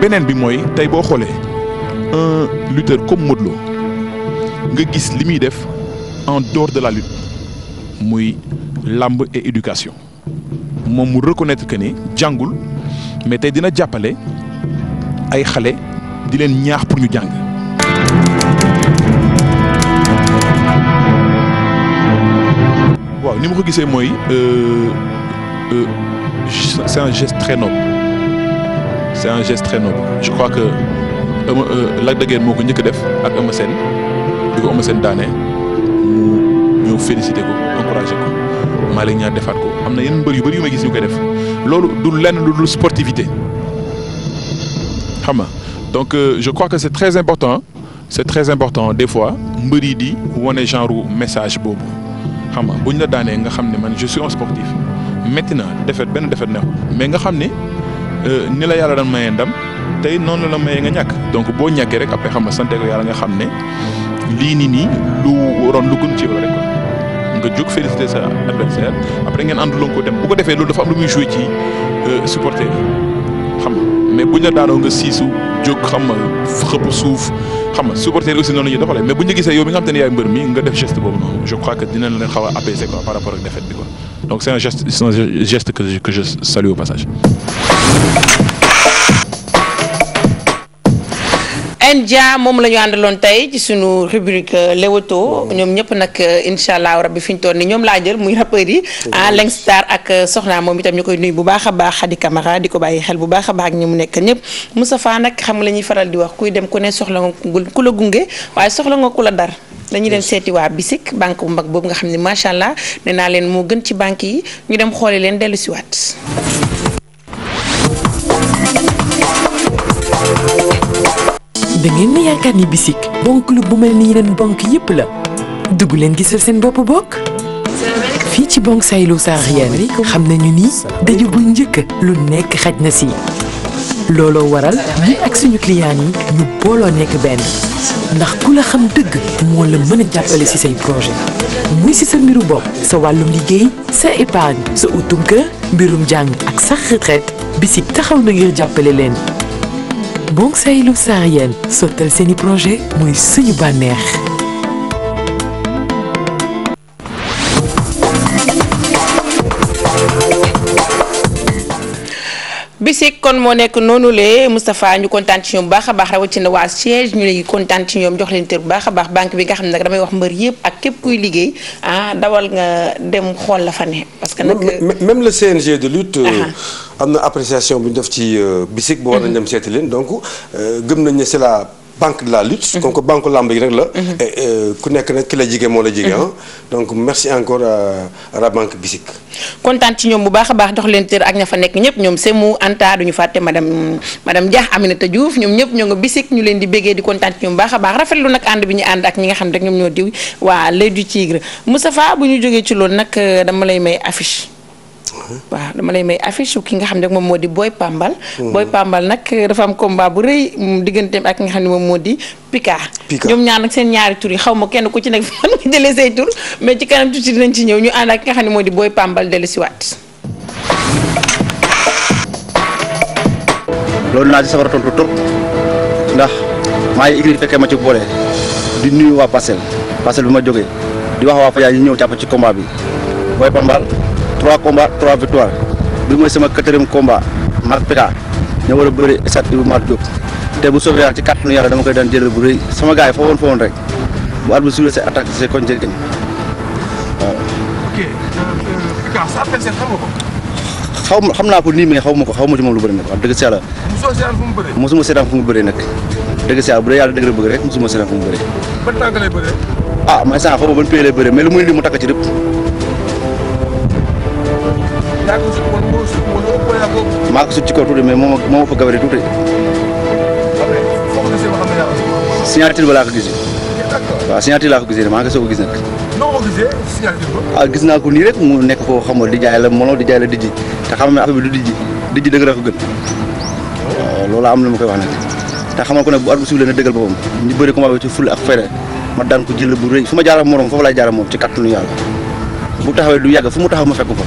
beneen bi mooy tey boo xoolee un lutteur comme Modou Lo nga gis li muy def en dehors de la lutte muy làmb et éducation moom mu reconnaître que ni jàngul mais tey dina jàppale ay xale di leen ñaax pour ñu jàng. waaw ni ma ko gisee mooy euh, euh, c'est un geste très noble c'est un geste très noble je crois que euh, Lac de Guiers moo ko njëkk a def ak Eumeu Sène di ko Eumeu Sène daane mu ñëw ko encouragé ko. Malick Niang defaat ko am na yenn mbër yu bëri yu ma gis ñu koy def loolu du lenn lu dul sportivité xam nga donc euh, je crois que c'est très important c'est très important des fois mbër yi di wane genre message boobu xam nga ñu la daanee nga xam ne man je suis un sportif métti na defet benn defet ne mais nga xam ne euh, ni la yàlla daan mayee ndam tey noonu la mayee nga ñàkk donc boo ñàkkee rek après xam nga sante ko yàlla nga xam ne lii nii nii lu waroon lu gën ci nga jóg féliciter sa adversaire après ngeen ànduloo ko dem loolu dafa am lu muy joué ci euh, supporter yi xam nga mais buñ la daanoo nga siisu jóg xam nga xëpp suuf xam nga supporter yi aussi noonu la ñuy doxalee mais buñ la gisee yow mi nga xam te ne yaay mbër mi nga def geste boobu noonu je crois dina leen xaw a apaiser quoi par rapport ak défaite bi quoi donc c'est un que je que passage. Ndia moom lañu ñu àndaloon tey ci suñu rubrique euh, Leewtoo ñoom ñëpp nag euh, incha allah rabbi fi ñu toll nii ñoom laa jël muy rappeur yi ah Leng ak euh, Soxna moom itam ñu koy nuyu bu baax a baax Xadi Camara di ko bàyyi xel bu baax a baax ak ñi mu nekk ñëpp Moustapha nag xam nga la ñuy faral di wax kuy dem ku ne soxla nga ku la gunge waaye soxla nga ku la dar. dañuy dem seeti waa BICIC banque bu mag boobu nga xam ne macha allah ne naa leen moo gën ci banque yi ñu dem xooli leen dellu siwaat da ngeen ni yaakaar ni bisik banque lu bu mel ni yeneen banque yépp la dugg leen gisal seen bopp bokk fii ci banque Sahelou Saharienne bi xam nañu ni daje bu njëkk lu nekk xaj na si looloo waral ñun ak suñu client yi ñu booloo nekk benn ndax ku la xam dëgg moo la mën jàppale ci say projet muy ci sa mbiru bopp sa wàllum liggéey sa épargne sa utum kër mbirum jàng ak sax bi si taxaw na ngir jàppale leen banque Sahelu Saharienne sottal seeni projet mooy suñu bànneex bisik kon moo nekk noonu lee Moustapha ñu kontaan ci ñoom baax a baax rawatina waa siège ñu léegi kontaan ci ñoom jox leen tër bu baax a baax banque bi nga xam ne nag damay wax mbër yëpp ak képp kuy liggéey ah dawal nga dem xool la fa ne parce que nag même le CNG de lutte euh, am na appréciation bu ñu def ci euh, bisik bu war nañ mhm. dem seeti leen donc euh, gëm nañ ne c'est la banque de la lutte. Mhm. comme que banque lamb yi rek la. Mhm. Euh, ku nekk nag ki la jige moo la jige mhm. ah. donc merci encore à la banque Bisik. kontaan ci ñoom bu baax a baax jox leen cër ak ña fa nekk ñëpp ñoom Semou Anta duñu fàtte madame madame Dia Aminata Diouf ñoom ñëpp ñoo nga Bisik ñu leen di béggee di kontaan ci ñoom bu baax a baax rafetlu nag ànd bi ñu ànd ak ñi nga xam rek ñoom ñoo diw waa l'œil du tigre Moustapha bu ñu jógee ci loolu nag euh, dama lay may affiche. waaw dama lay may affiche ki nga xam ne moom moo di booy Pambal. Hmm. Boy Pambal nag dafa am combat bu rëy digganteem ak nga xam ne moom moo di Pika. Pika ñoom ñaar nag seen ñaari tur yi xaw ma kenn ku ci nekk (laughs) fan nga jëlee say tur mais ci kanam tuuti dinañ ci ñëw ñu ànd moo di Boy Pambal dellu si waat. loolu naa ci sawar tontu trop ndax maa ngi fekkee ma ci boole di nuyu waa parcelle parcelle bi ma jógee di wax waa Fadia ñu ñëw jàpp ci combat bi Boy Pambal. 3 combats 3 victoires bi mooy sama quatrième combat maak Pika ñoo war a bëri stade Iba Mar Diop te bu soobee yàlla ci kàttanu yàlla dama koy daan jël bu rëy sama gaay yi foofu woon foofu rek bu at bi suulee sa attaque euh, xaw ma naa ko xaw ma ko xaw ma ci moom lu bëri nag wax dëgg si yàlla. mosoo seetaan fu mu bëree. mosuma seetaan fu mu bëree nag dëgg si yàlla bu dee yàlla dëgg la bëgg rek mu bëree. ban tànk lay bëree. ah man sànq xaw ma ban pay lay bëree mais lu muy lii mu takk ci lépp yaa ko sut man moo sut ci kaw tuuti mais moo ma fa gabari tuuti. après foo ko gisee ba xam ne laa ko gisee. waaw signature laa ko gis nag. ah gis naa ko nii rek mu nekk foo xam nga di jaay la molo di jaay la dijji te xam nga affaire bi du dijji dijji ko gën waaw oh, loolu am na ma koy wax nag te xamal ko ne bu at bu suuf leen a dëggal boppam ñu bëri commencé ci ful ak fere ma daan ko jël bu rëy fu ma jaara morom foofu laay jaara moom ci kattanu yàlla bu taxawee du yàgg fu mu taxaw ma fekk ko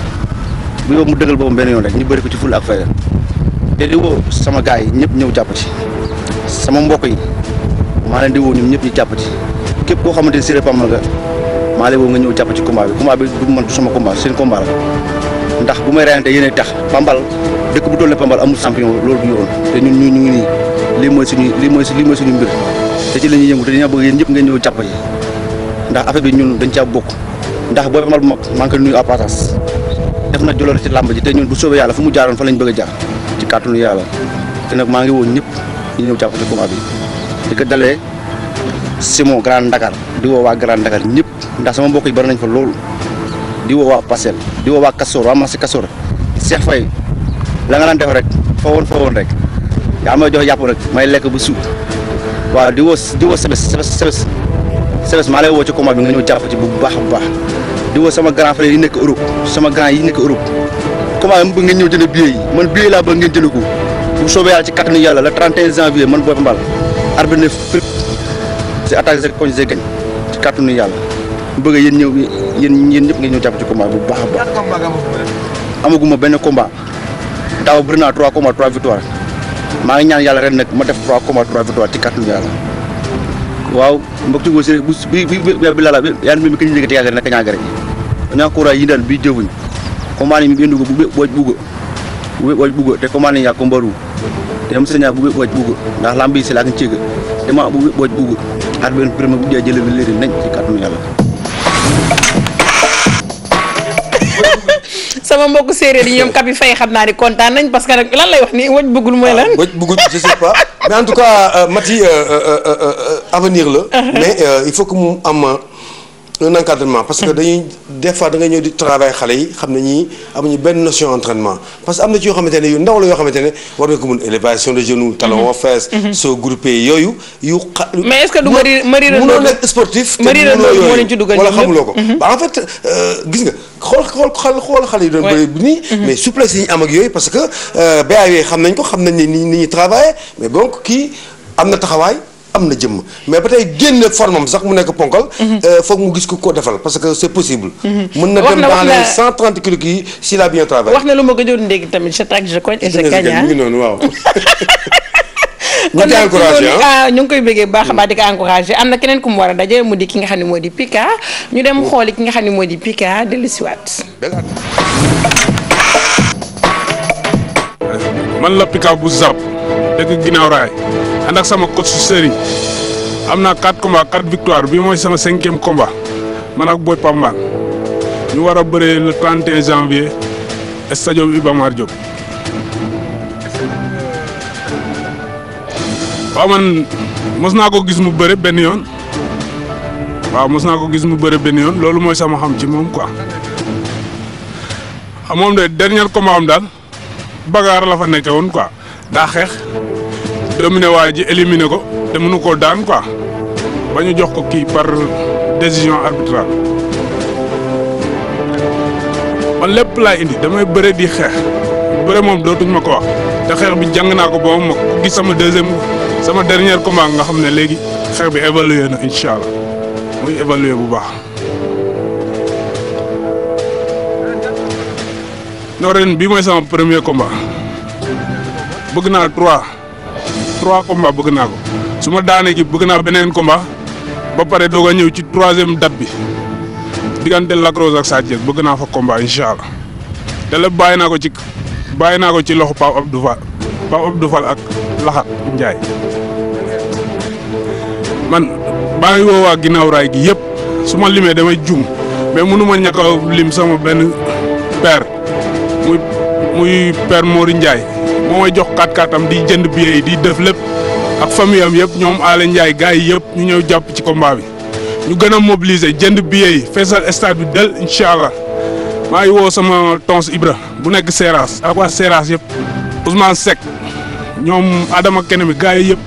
bu yow mu dëggal boppam benn yoon rek ñu bëri ko ci ful ak fayda te di woo sama gaa yi ñëpp ñëw jàpp ci sama mbokk yi maa leen di woo ñoom ñëpp ñu jàpp képp koo xamante ni Siré Pambal nga maa leen woo nga ñëw jàpp ci combat bi combat bi du man du sama combat seen combat la tax Pambal dëkk bu doon ne Pambal amul champion loolu du yoon te ñun ñu ngi nii lii mooy suñu lii mooy lii mooy suñu mbir te ci la ñuy yëngu te dañoo bëgg yéen ñëpp ngeen ñëw jàpp ndax affaire bi ñun dañ caa bokk ndax booy Pambal bu mag maa ngi koy nuyu à def na joloor ci làmb ji te ñun bu soobee yàlla fu mu jaaroon fa lañ bëgg a jaar ci kàttanu yàlla te nag maa ngi woon ñëpp ñu ñëw jàpp ci combat bi di ko dalee Simon Grand Dakar di woo waa ñëpp ndax sama mbokk yi nañ fa loolu di woo waa Parcelles di woo waa Kastoor waa marché Kastoor Cheikh Faye la nga daan def rek fa woon fa jox yàpp rek may lekk bu suuf waaw di woo di woo sebes sebes sebes woo ci combat bi nga ñëw jàpp ci bu baax bu baax di woo sama grand frère yi nekk Europe sama grand yi nekk Europe comment ma bëgg ngeen ñëw jëlee billet yi man billet laa bëgg ngeen jëlee ko bu soobee yàlla ci kattanu yàlla le 31 janvier man Boy Pambal arbitre ne fépp si attaque sa koñ see gañ ci kattanu yàlla mu bëgg yéen ñëw yéen yéen ñëpp ngeen ñëw jàpp ci combat bu baax a baax. amaguma benn combat daaw bëri naa 3 combats 3 victoire maa ngi ñaan yàlla ren nag ma def 3 combats 3 victoire ci kattanu yàlla. a ñakkura yindal bidiyogun komani miɓe ndugo ɓuɓe ɓoƴ ɓugo ɓuɓe ɓoƴ ɓugo te komani yakko mbaru tem seña ɓuɓe ɓoƴ ɓugo nda lambi selakin cega tema ɓuɓe ɓoƴ ɓugo haɗa ɓen pirma ɓuɗɗi a jelewelleri nañ ci kattanu yàlla sama mbokk séeréer yi ñoom Kabi Faye xam naa ni kontaan nañ parce que nag lan lay wax ni wëj bëggul mooy lan. Ah, wëj bëggul mais en tout cas Mati euh, euh, euh, avenir la. (laughs) Uh-huh. mais il faut que mu am. un encadrement parce que dañuy des fois da nga ñëw di travail xale yi xam ne ñii amuñu benn notion entraînement parce que am na ci yoo xamante ne yu ndaw la yoo xamante ne war nga ko mun mhm. mhm. xa mais est ko mhm. ba en euh, gis nga xool xool xale yi doon bëri ak yooyu parce que euh, BAW xam nañ ko xam nañ ni ni ñuy travailler mais donc kii am na taxawaay am na jëmm mais ba tey génne formam sax mu nekk ponkal. Mhm. Euh, foog mu gis ko ko defal parce que c'est possible. Mhm. mën na dem dans les 130 kilos yi s'il a bien travaillé. wax na lu ma gëjoon dégg tamit je tag je cogne et je gagne ah. mu ngi noonu waaw. (laughs) (laughs) ñu ngi koy encouragé ah. Ah, ñu ngi koy bëggee baax a baax mm. di ko encouragé am na keneen ku mu war a daje mu di ki nga xam ne moo di Pika ñu dem mm. xooli ki nga xam ne moo di Pika dellusiwaat. man la Pika bu Zap dëkk ginnaaw raay. ànd ak sama coach Serigne am naa 4 combats 4 victoire bi mooy sama cinquième combat man ak Boy Pambal ñu war a bëree le 31 janvier stade Iba Mar Diop. waaw man mos naa ko gis mu bëre benn yoon waaw mos naa ko gis mu bëre benn yoon loolu mooy sama xam ci moom quoi moom de dernier combat am daal bagaar la fa nekke woon quoi daa xeex. dominé waaye ji éliminé ko te mënu koo daan quoi ba ñu jox ko kii par décision arbitrale man lépp laay indi damay bëre di xeex bëre moom dootuñ ma ko wax te xeex bi jàng naa ko ba ma ko gis sama deuxième sama dernier combat nga xam ne léegi xeex bi évalué na incha allah muy évalué bu baax. non bi mooy sama premier combat bëgg naa trois. trois combats bëgg naa ko su ma daanee ki bëgg naa beneen combat ba pare doo a ñëw ci troisième date bi diggante Lac Rose ak Sa Thiès bëgg naa fa combat incha allah te lépp bàyyi naa ko ci naa ko ci loxo Pape Abdou Fall Pape ak Laxat Ndiaye man baa ngi woo waa ginnaaw raay gi yëpp su ma limee damay jum mais mënu ma ñàkk lim sama benn père muy muy père Mori Ndiaye. moo jox kat-katam di jënd billet di def lépp ak famille am yëpp ñoom Aly Ndiaye gars yi yëpp ñu ñëw jàpp ci combat bi ñu gën a mobiliser jënd billet feesal stade bi del incha allah maa ngi woo sama tons Ibra bu nekk Seras ak waa Seras yëpp Ousmane Seck ñoom Adama Kene mi yi yëpp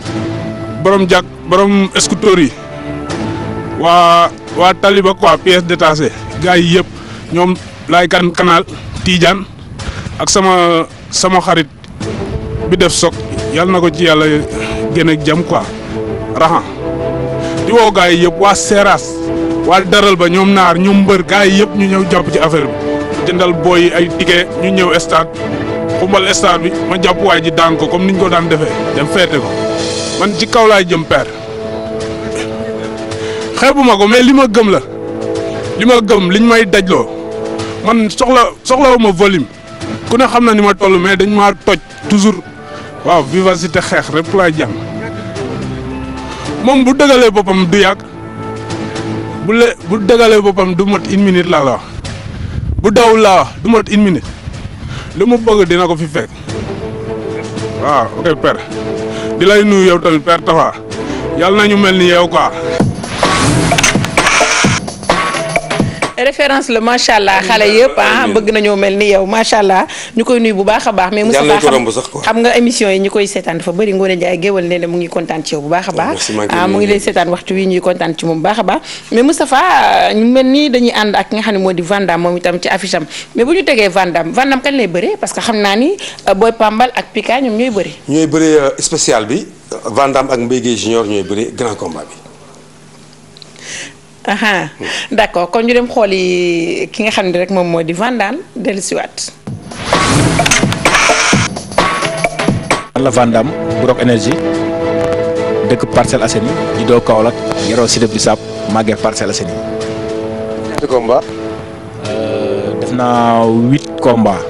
borom jàkk borom escouteur yi waa waa Taliba quoi pièce détachée gars yi yëpp ñoom laay kan canal Tidiane ak sama sama xarit bi def soog yal na ko ci yàlla gën ak jam quoi raxan di woo gars waa Seras waa daral ba ñoom naar ñoom mbër gars yi yëpp ñu ñëw jàpp ci affaire bi jëndal booy ay ticket ñu ñëw stade xumbal stade bi ma jàpp waay ji daan ko comme niñ ko daan defee dem feete ko man ci kaw laay jëm père xeebu ma ko mais li ma gëm la li ma gëm liñ may dajloo man soxla volume ku ne xam na ni ma toll mais dañ maa toj waaw vivacité xeex rek laa jàng moom bu dëgalee boppam du yàgg bu le bu dëgalee boppam du mot une minute laa la bu daw laa du mot une minute lu mu bëgg dina ko fi fekk waaw ok père di lay nuyu yow tamit père Tafa yàlla nañu mel ni yow quoi. référence la macha allah xale yëpp ah bëgg nañoo mel ni yow macha allah ñu koy nuyu bu baax a baax. mais Moussa xam nga émission yi ñu koy seetaan dafa bëri Ngoné Ndiaye géwal nee na mu ngi kontaan ci yow bu baax a baax. Ah, mu ngi lay seetaan waxtu wi ñuy kontaan ci moom baax a baax. mais Moustapha mel ni dañuy ànd ak ki nga xam ne moo di Vandam moom itam ci affiche am mais bu ñu tegee Vandam Vandam kañ lay bëree parce que xam naa ni euh, Boy Pambal ak Pika ñoom ñooy bëri. ñooy bëri euh, spécial bi Vandam ak Mbaye Guèye Junior ñooy bëri grand combat aha hmm. d'accord kon ñu dem xool yi ki nga xam ne rek moom mooy di Vandane dellusiwaat. man la Vandame bu Rock Énergie dëkk Parcelles Assainies yi juddoo Kaolack yaroo Cité Bissap màggee Parcelles Assainies yi. combat. Euh, def naa huit combats.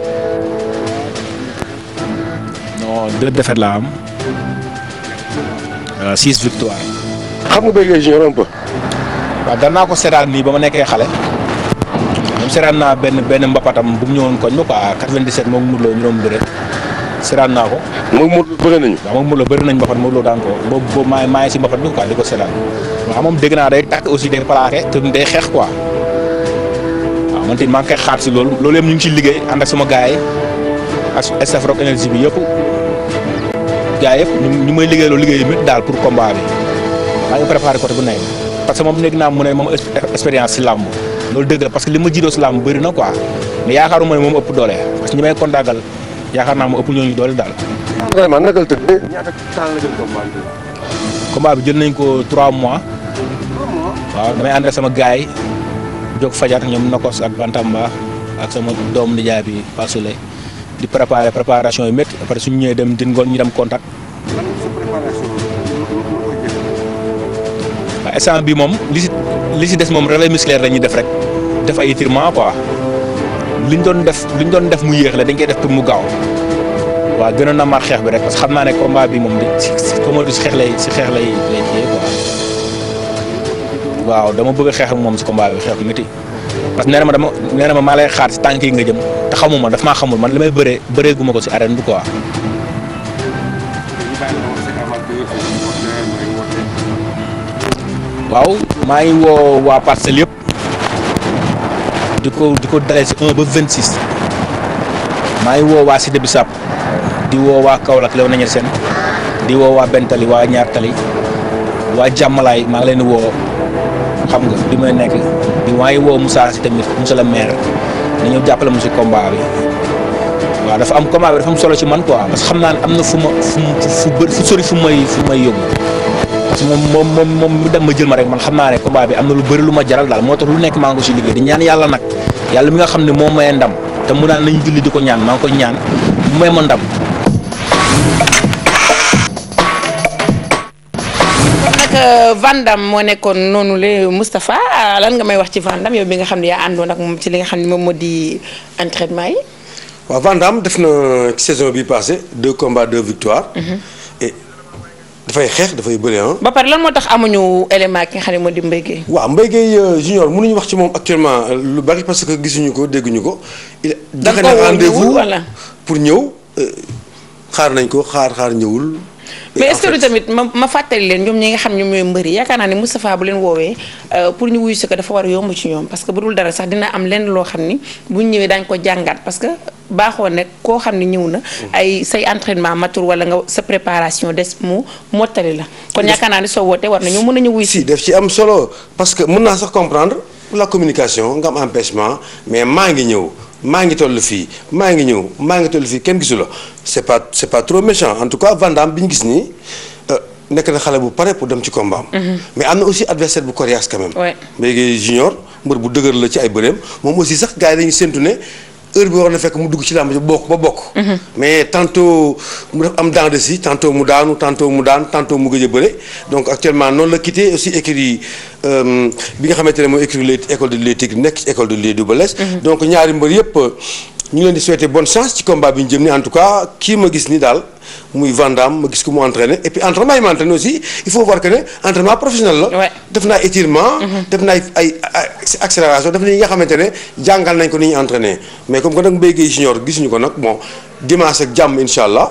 non deux défaites la am euh, six victoires. xam nga béykat yi un peu. waaw dan naa ko seetaan lii ba ma nekkee xale même seetaan naa benn benn mbapatam bu mu ñëwoon koñ ma quoi 97 moom Modou Lo ñu doon bëre seetaan naa ko. moom mu Lo bëri nañu. waaw moom Modou Lo bëri nañu mbapat Modou Lo daan ko boobu boobu maa ngi si mbapat bi quoi di ko seetaan waaw moom dégg naa day tàkk aussi day plaqué te day xeex ko waaw man tamit maa ngi xaar si loolu loolu yëpp ñu ngi ciy liggéey ànd ak sama gars yi ak staff Rock bi yëpp gars yëpp ñu may liggéey loolu liggéey bi daal pour combat bi maa ngi préparé côté bu parce que moom léegi naa mu ne moom expérience si làmb loolu dëgg la parce que li ma jiitoo si làmb bëri na quoi mais yaakaaruma ne moom ëpp doole parce que ñi may kontaagal yaakaar naa mu ëpp ñooñu doole daal. vraiment naka la tëddee. bi. combat jël nañ ko 3 mois. 3 mois waaw damay ànd sama gars yi jóg fajar ñoom Nokos ak Bantamba ak sama doomu nijaay bi Passoulay di préparer préparation yu métti après suñu ñëwee dem din ngoon ñu dem contact. instant bi moom li si li si des moom réveil musculaire la ñuy def rek def ay étirement quoi ñu doon def liñ doon def mu yéex la dañ koy def pour mu gaaw waaw gënoon na maar xeex bi rek xam naa ne combat bi moom si si xeex lay si xeex lay waaw dama bëgg a xeex moom si combat bi xeex bu métti parce que nee ma dama nee na ma maa lay xaar si tànk yi nga jëm te xamuma daf maa xamul man li may bëree bëree guma ko si arène bi quoi. waaw maa ngi woo waa parcelle yëpp di ko di ko dalee si 1 ba 26 maa ngi woo waa Cité Bissap di woo waa Kaolack Léona seen di woo waa Bentali waa Ñaar Tali waa Jàmmalaay maa ngi leen di woo xam nga di may nekk di maa ngi woo Moussa si tamit monsieur le maire dañoo jàppale mu si combat bi dafa am combat bi dafa am solo ci man quoi parce que xam naa ne am na fu ma fu fu fu sori fu may fu may yóbbu. parce moom moom mu dem ma jël ma rek man xam naa ne combat bi am na lu bari lu ma jaral daal moo tax lu nekk maa ngi ko si liggéey di ñaan yàlla nag yàlla mi nga xam ne moo maye ndam te mu naan nañ julli ko ñaan maa koy ñaan mu ma ndam. Euh, moo nekkoon noonu le Moustapha lan nga may wax ci Vandam yow bi nga xam ne yaa àndoon ak moom ci li nga xam ne moom ma di entraînement yi. waaw Vandam def na saison bi passé deux combats deux victoires. Mhm. dafay xeex dafay bëri ah. ba pare lan moo tax amuñu élément ki nga xam ne moo di Mbaye Gueye. waaw Mbaye Gueye euh, junior mënuñu wax ci moom actuellement euh, lu bari parce que gisuñu ko dégguñu ko. il dafa ne rendez-vous pour ñëw euh, xaar nañ ko xaar xaar ñëwul. mais est tamit ma ma fàttali leen ñoom ñi nga xam ñoom ñooy mbëri yaakaar naa ne Moustapha bu leen woowee euh, pour ñu wuyu ko dafa war a yomb ci ñoom parce que bu dul dara sax dina am lenn loo xam ni buñ ñëwee daañu ko jàngat parce que baaxoo nag koo xam ne ñëw na. Mm-hmm. ay say entraînement matur wala nga sa préparation des mu mottali la. kon yaakaar naa ne soo wootee war nañoo mën nañu wuyu si. def ci am solo parce que mun naa sax comprendre la communication nga am empêchement mais maa ngi ñëw. maa ngi toll fii maa ngi ñëw maa ngi toll fii kenn gisu la c'est pas c'est pas trop méchant en tout cas Van Damme bi ñu gis nii euh, nekk na xale bu pare pour dem ci combat mhm. mais am na aussi adversaire bu coriace quand même. léegi junior mbër bu dëgër la ci ay bëreem moom aussi sax gars yi dañu séntu ne. heure bi war na fekk mu dugg ci làmb ji bokk ba bokk. Mhm. mais tantôt mu def am dent si tantôt mu daanu tantôt mu daan tantôt mu gëj a bëre donc actuellement noonu la quitté aussi écurie euh, bi nga xamante ne mooy écurie école de lutte tigre nekk ci école de lutte Double Less. Mhm. donc ñaari mbër yëpp. ñu leen di souhaiter bonne chance ci combat bi ñu jëm ni en tout cas kii ma gis ni daal muy Vandam ma gis ko mu entraîné et puis entraînement yi ma entraîné aussi il faut voir que ne entraînement professionnel la. def naa étirement. Mhm. def naa ay accélération def na yi nga xamante ne jàngal nañ ko ni ñu entraîné mais comme que nag Mbaye Guèye junior gisuñu ko nag bon dimanche ak jàmm incha allah.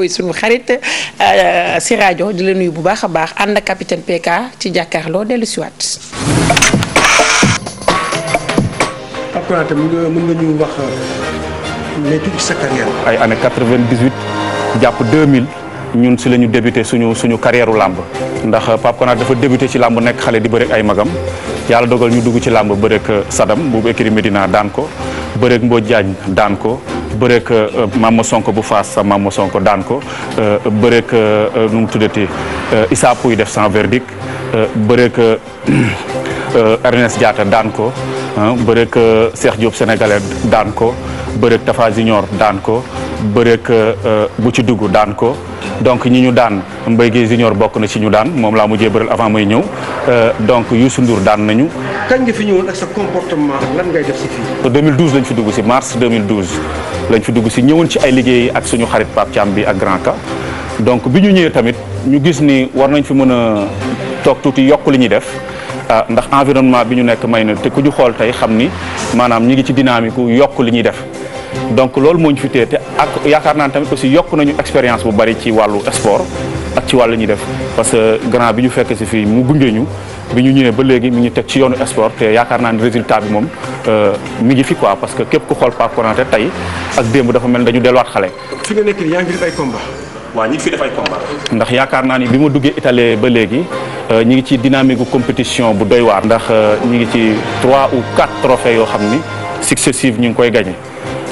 mooy sunu xarit euh, si rajo di la nuyu bu baax a baax ànd ak capitaine ci jàkkaarloo dellu si waat. Pape Konaté mën ñu wax euh, mais tuuti sa carrière. ay jàpp deux mille ñun si lañu ñu suñu suñu carrière làmb ndax euh, Pape dafa débuté ci làmb nekk xale di bëreek ay magam yàlla dogal ñu dugg ci làmb bëreek Sadam bu écurie Medina daan ko. bëreeg Mbodj Diagne daan ko bëreeg euh, Mama Sonko bu Faas sa Mama Sonko daan ko euh, bëreeg euh, nu mu tuddati Issa Pouye def san verdict bëreeg (clears throat) Ernest Diatta daan ko bëreeg Cheikh Diop sénégalais daan ko bëreeg Tafa Junior daan bëreeg euh, bu ci dugg daan ko donc ñi ñu daan Mbaye Guèye Junior bokk na ci ñu daan moom laa mujjee bëreel avant may ñëw euh, donc Youssou Ndour daan nañu. kañ nga fi ñëwoon ak sa comportement lan ngay def si fi dugg si mars 2012 lañ fi dugg si ñëwoon ci ay liggéey ak suñu xarit Pape Thiam bi ak Grand Ka donc bi ñu ñëwee tamit ñu gis ni war nañ fi mën a toog tuuti yokk li ñuy def. Ah, ndax environnement bi ñu nekk may na te ku ñu xool tey xam ni maanaam ñi ngi ci dynamique yokk li ñuy def donc loolu moo ñu fi téye te ak yaakaar naan tamit aussi yokk nañu expérience bu bari ci wàllu sport ak ci wàllu ñuy def parce que grand bi ñu fekk si fii mu gungee ñu bi ñu ñëwee ba léegi mi ngi teg ci yoonu sport te yaakaar naan ni résultat bi moom euh, mi ngi fi quoi parce que képp ku xool Pape Konaté tey ak démb dafa mel dañu delluwaat xale. fi nga yaa ngi def ay combat. ñu ngi fi def ay combat. naa ni bi ma duggee Italie ba léegi euh, ñi ngi ci dynamique compétition bu doy waar. ndax euh, ñi ngi ci trois ou quatre trophées yoo xam ni successive ñu ngi koy gagné.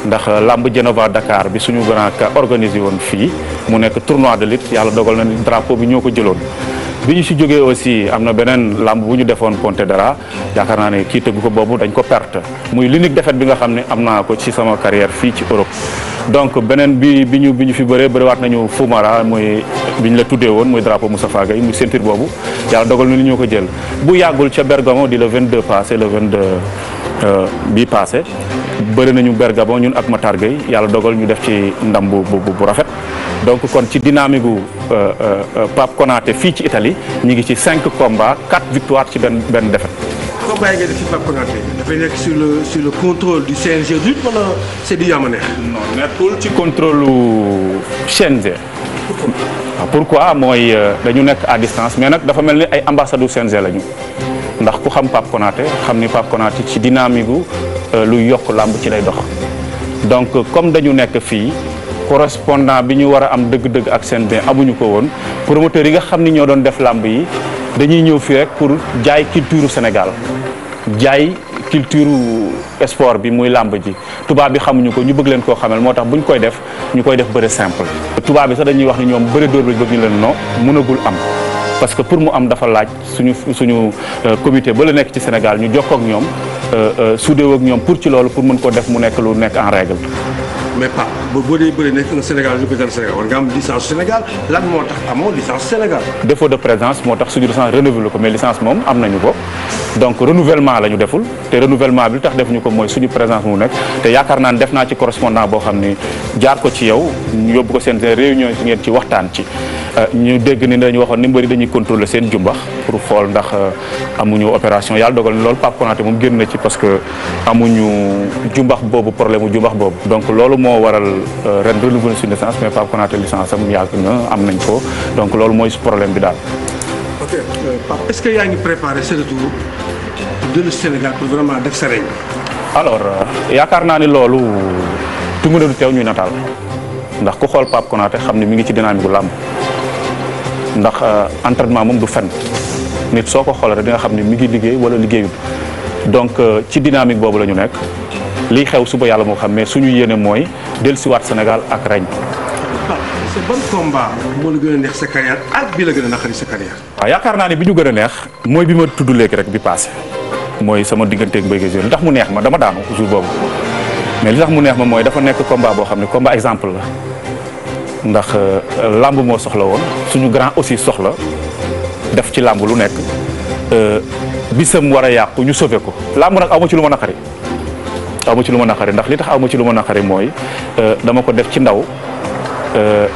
ndax làmb Genova Dakar bi suñu grand ka organisé woon fii mu nekk tournoi de lutte yàlla dogal na ni drapeau bi ñoo ko jëloon. bi ñu si jógee aussi am na beneen làmb bu ñu defoon dara yaakaar naa ne kii tëgg ko boobu dañ ko perte muy l'unique défaite bi nga xam ne am naa ko ci sama carrière fii ci Europe. donc beneen bi bi ñu bi ñu fi bëree bëriwaat nañu Fumara muy bi ñu la tuddee woon muy drapeau Moustapha Gaye muy ceinture boobu yàlla dogal na ni ñoo ko jël bu yàggul ca Bergamo di le 22 passé le 22 euh, bi passé. bëri nañu Bergamo ñun ak Matar Gueye yàlla dogal ñu def ci ndam bu bu rafet donc kon ci dynamique gu euh, euh, euh, Pape Konaté fii ci itali ñu ngi ci cinq combats quatre victoires ci benn benn défaite. combat ci Pape Konaté dafay nekk sur le sur le contrôle du CNG lutte wala ah, mooy dañu nekk à distance mais nag dafa mel ni ay ambassades CNG lañu. ndax ku xam Pape Konaté xam ni Pape Konaté ci dynamique gu euh, luy yokk làmb ci lay dox donc euh, comme dañu nekk fii correspondant bi ñu war a am dëgg-dëgg ak seen bien amuñu ko woon promoteur yi nga xam ni ñoo doon def làmb yi dañuy ñëw fii rek pour jaay culture Sénégal jaay culture sport bi muy làmb ji tubaab bi xamuñu ko ñu bëgg leen koo xamal moo tax bu ñu koy def ñu koy def bëre simple tubaab bi sax dañuy wax ni ñoom bëre door bi bëgg ñu leen noo mënagul am parce que pour mu am dafa laaj suñu suñu euh, comité ba la nekk ci Sénégal ñu jokkoo ak ñoom euh, euh, su ak ñoom pour ci loolu pour mën ko def mu nekk lu nekk en règle. mais pas ba bëri nekk Sénégal ñu ko jël Sénégal war nga am licence Sénégal lan moo tax amoo licence Sénégal. défaut de moo tax suñu licence renouvelé ko mais licence moom am nañu ko donc renouvellement la ñu deful te renouvellement bi lu tax defuñu ko mooy suñu présence mu nekk te yaakaar naa ne def naa ci correspondant boo xam ni jaar ko ci yow ñu yóbbu ko seen réunion si ngeen ci waxtaan ci. ñu dégg ni dañu waxoon ni mbëri dañuy contrôler seen jumbax pour xool ndax euh, amuñu opération yàlla dogal ni loolu Pape Konaté moom génn ci parce que amuñu jumbax boobu problème mu jumbax boobu donc loolu moo waral euh, ren renouvelé suñu licence mais Pape Konaté licence am yàgg na am nañ ko donc loolu mooy problème bi daal euh, est-ce que yaa ngi préparé sa retour dellu Sénégal pour vraiment def sa alors yaakaar naa ni loolu tungu na du teew ñuy nataal ndax ku xool Pape xam ne mu ngi ci dynamique gu làmb ndax euh, entraînement moom du fen nit soo ko xoolee rek di nga xam ne mi ngi liggéey wala liggéeyul donc euh, ci dynamique boobu la ñu nekk liy xew suba yàlla moo xam mais suñu yéene mooy dellusiwaat Sénégal ak reñ c'est bon combat a ak bi a naqari sa carrière. waaw yaakaar naa ne bi ñu gën a neex mooy bi ma tudd léegi rek bi passé mooy sama digganteeg Mbaye Guèye li tax mu neex ma dama daanu jour boobu mais li tax mu neex ma mooy dafa nekk combat boo xam ne combat exemple la. ndax euh, làmb moo soxla woon suñu grand aussi soxla def ci làmb lu nekk euh, bisam war a yàqu ñu sauvé ko làmb nag aw ci lu ma naqari aw ci lu ma naqari ndax li tax aw ci lu ma naqari mooy euh, dama ko def ci ndaw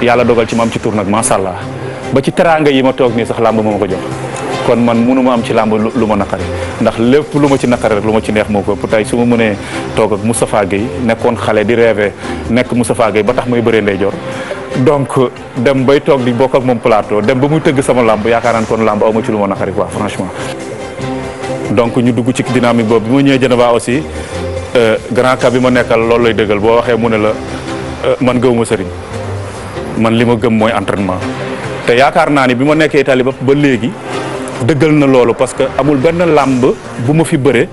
yàlla dogal ci ma ci tur nag macha allah ba ci teraanga yi ma toog nii sax làmb moo ma ko jox kon man mënu ma am ci làmb lu ma naqari ndax lépp lu ma ci naqari rek lu ma ci neex moo ko pour tey su ma mënee toog ak Moustapha Gueye nekkoon xale di rêvé nekk Moustapha Gueye ba tax may bëree ndeyjoor donc dem bay toog di bokk ak moom plateau dem ba muy tëgg sama làmb yaakaar naan kon làmb aw ma ci lu ma naqari quoi franchement. donc ñu dugg ci dynamique boobu bi ma ñëwee Geneva aussi euh, grand cas bi ma nekkal loolu lay dëggal boo waxee mu ne la euh, man gëwuma sëriñ man li ma gëm mooy entraînement. te yaakaar naa ni bi ma nekkee Italie ba ba léegi dëggal na loolu parce que amul benn làmb bu ma fi bëre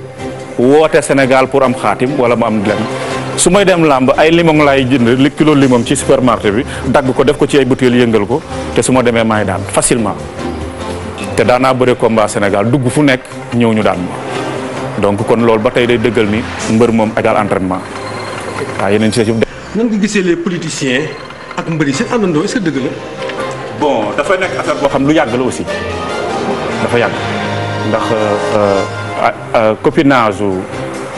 woote Sénégal pour am xaatim wala mu am lenn. su may dem làmb ay limon laay jënd li kilo limon ci supermarché bi dagg ko def ko ci ay butéel yëngal ko te suma ma demee maay daan facilement te daanaa bëre combat Sénégal dugg fu nekk ñëw ñu daan ma donc kon loolu ba tey day dëggal ni mbër moom égal entraînement waa yeneen ci nan nga gisee les politiciens ak mbëri seen àndandoo est-ce que dëgg la. bon dafay nekk affaire boo xam lu yàgg la aussi dafa yàgg ndax euh, euh, euh, copinage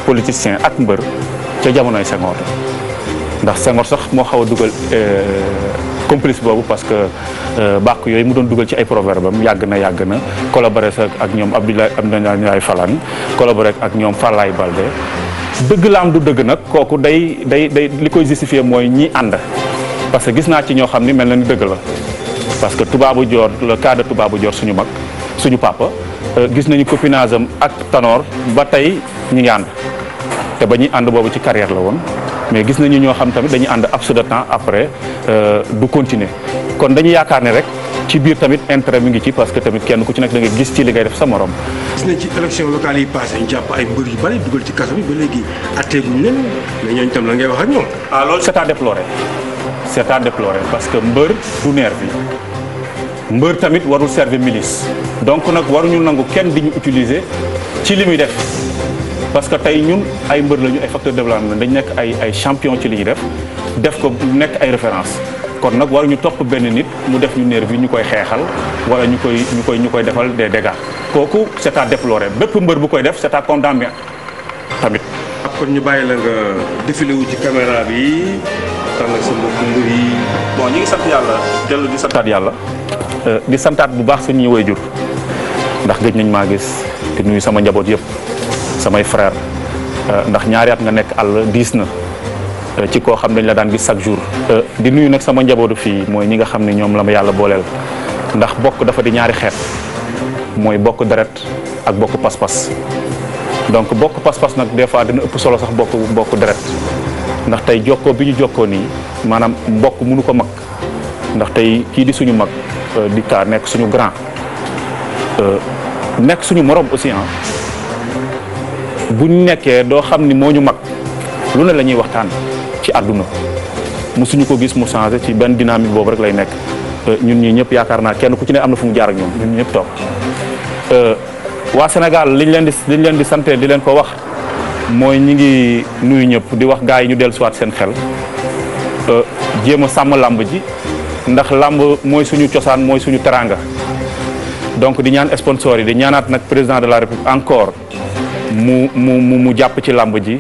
politicien ak mbër. ca jamonoy Senghor ndax Senghor sax moo xaw a dugal euh, complice boobu parce que euh, bàq yooyu mu doon dugal ci ay proverbe am yàgg na yàgg na collaboré ak ñoom Abdoulaye Abdoulaye Falane collaboré ak ñoom Fallaye Balde dëgg laam du dëgg nag kooku day day day li koy justifier mooy ñi ànd parce que gis naa ci ñoo xam ni mel na ni dëgg la parce que tubaabu joor le cas tubaabu joor suñu mag suñu papa euh, gis nañu copinage am ak tanoor ba tey ñi ngi ànd te ba ñuy ànd boobu ci carrière la woon mais gis nañu ñoo xam tamit dañuy ànd absu après euh, du continuer kon dañu yaakaar ne rek ci biir tamit intere mi ngi ci parce que tamit kenn ku ci nekk da gis ci li ngay def sa morom. gis nañ ci élection locale yi passé ñu ay mbër yu bari dugal ci kaso bi ba léegi atteeguñ leen mais ñooñu tam la ngay wax ah, parce que mbër du nervi mbër tamit warul servir milice donc nangu kenn di ñu utiliser ci li muy def. parce que tey ñun ay mbër lañu ay facteur de développement dañ nekk ay ay champion ci li ñu def def ko nekk ay référence kon nag waruñu topp benn nit mu def ñu nervi ñu koy xeexal wala ñu koy ñu koy ñu koy defal des dégâts kooku c'est à déplorer bépp mbër bu koy def c'est à condamner tamit. kon ñu bàyyi la nga défilé wu ci caméra bi tànn ak sa yàlla di santaat yàlla. Euh, di santaat bu baax suñuy ndax gëj nañ maa gis te nuyu sama njaboot yëpp. samay frère euh, ndax ñaari at nga nekk àll diis na euh, ci koo xam dañ la daan gis chaque jour euh, di nuyu nag sama njabootu fii mooy ñi nga xam ne ñoom la ma yàlla booleel ndax bokk dafa di ñaari xeet mooy bokk deret ak bokk pas-pas donc bokk pas-pas nag des fois dina ëpp solo sax bokk bokk deret ndax tey jokkoo bi ñu jokkoo nii maanaam mbokk mënu ko mag ndax tey kii di suñu mag di kaa nekk suñu grand nekk suñu moroom aussi ah buñ nekkee doo xam ni moo ñu mag lu ne la ñuy waxtaan ci àdduna suñu ko gis mu changé ci benn dynamique boobu rek lay nekk euh, ñun ñii ñëpp yaakaar naa kenn ku ci ne am na fu mu jaar ak ñoom ñun toog euh, waa Sénégal liñ leen di liñ leen di sante di leen ko wax mooy ñi ngi nuyu ñëpp di wax gaa yi ñu dellu siwaat seen xel euh, jéem a sàmm làmb ji ndax làmb mooy suñu cosaan mooy suñu teranga donc di ñaan sponsor yi di ñaanaat nag président de la république encore mu mu mu jàpp ci làmb ji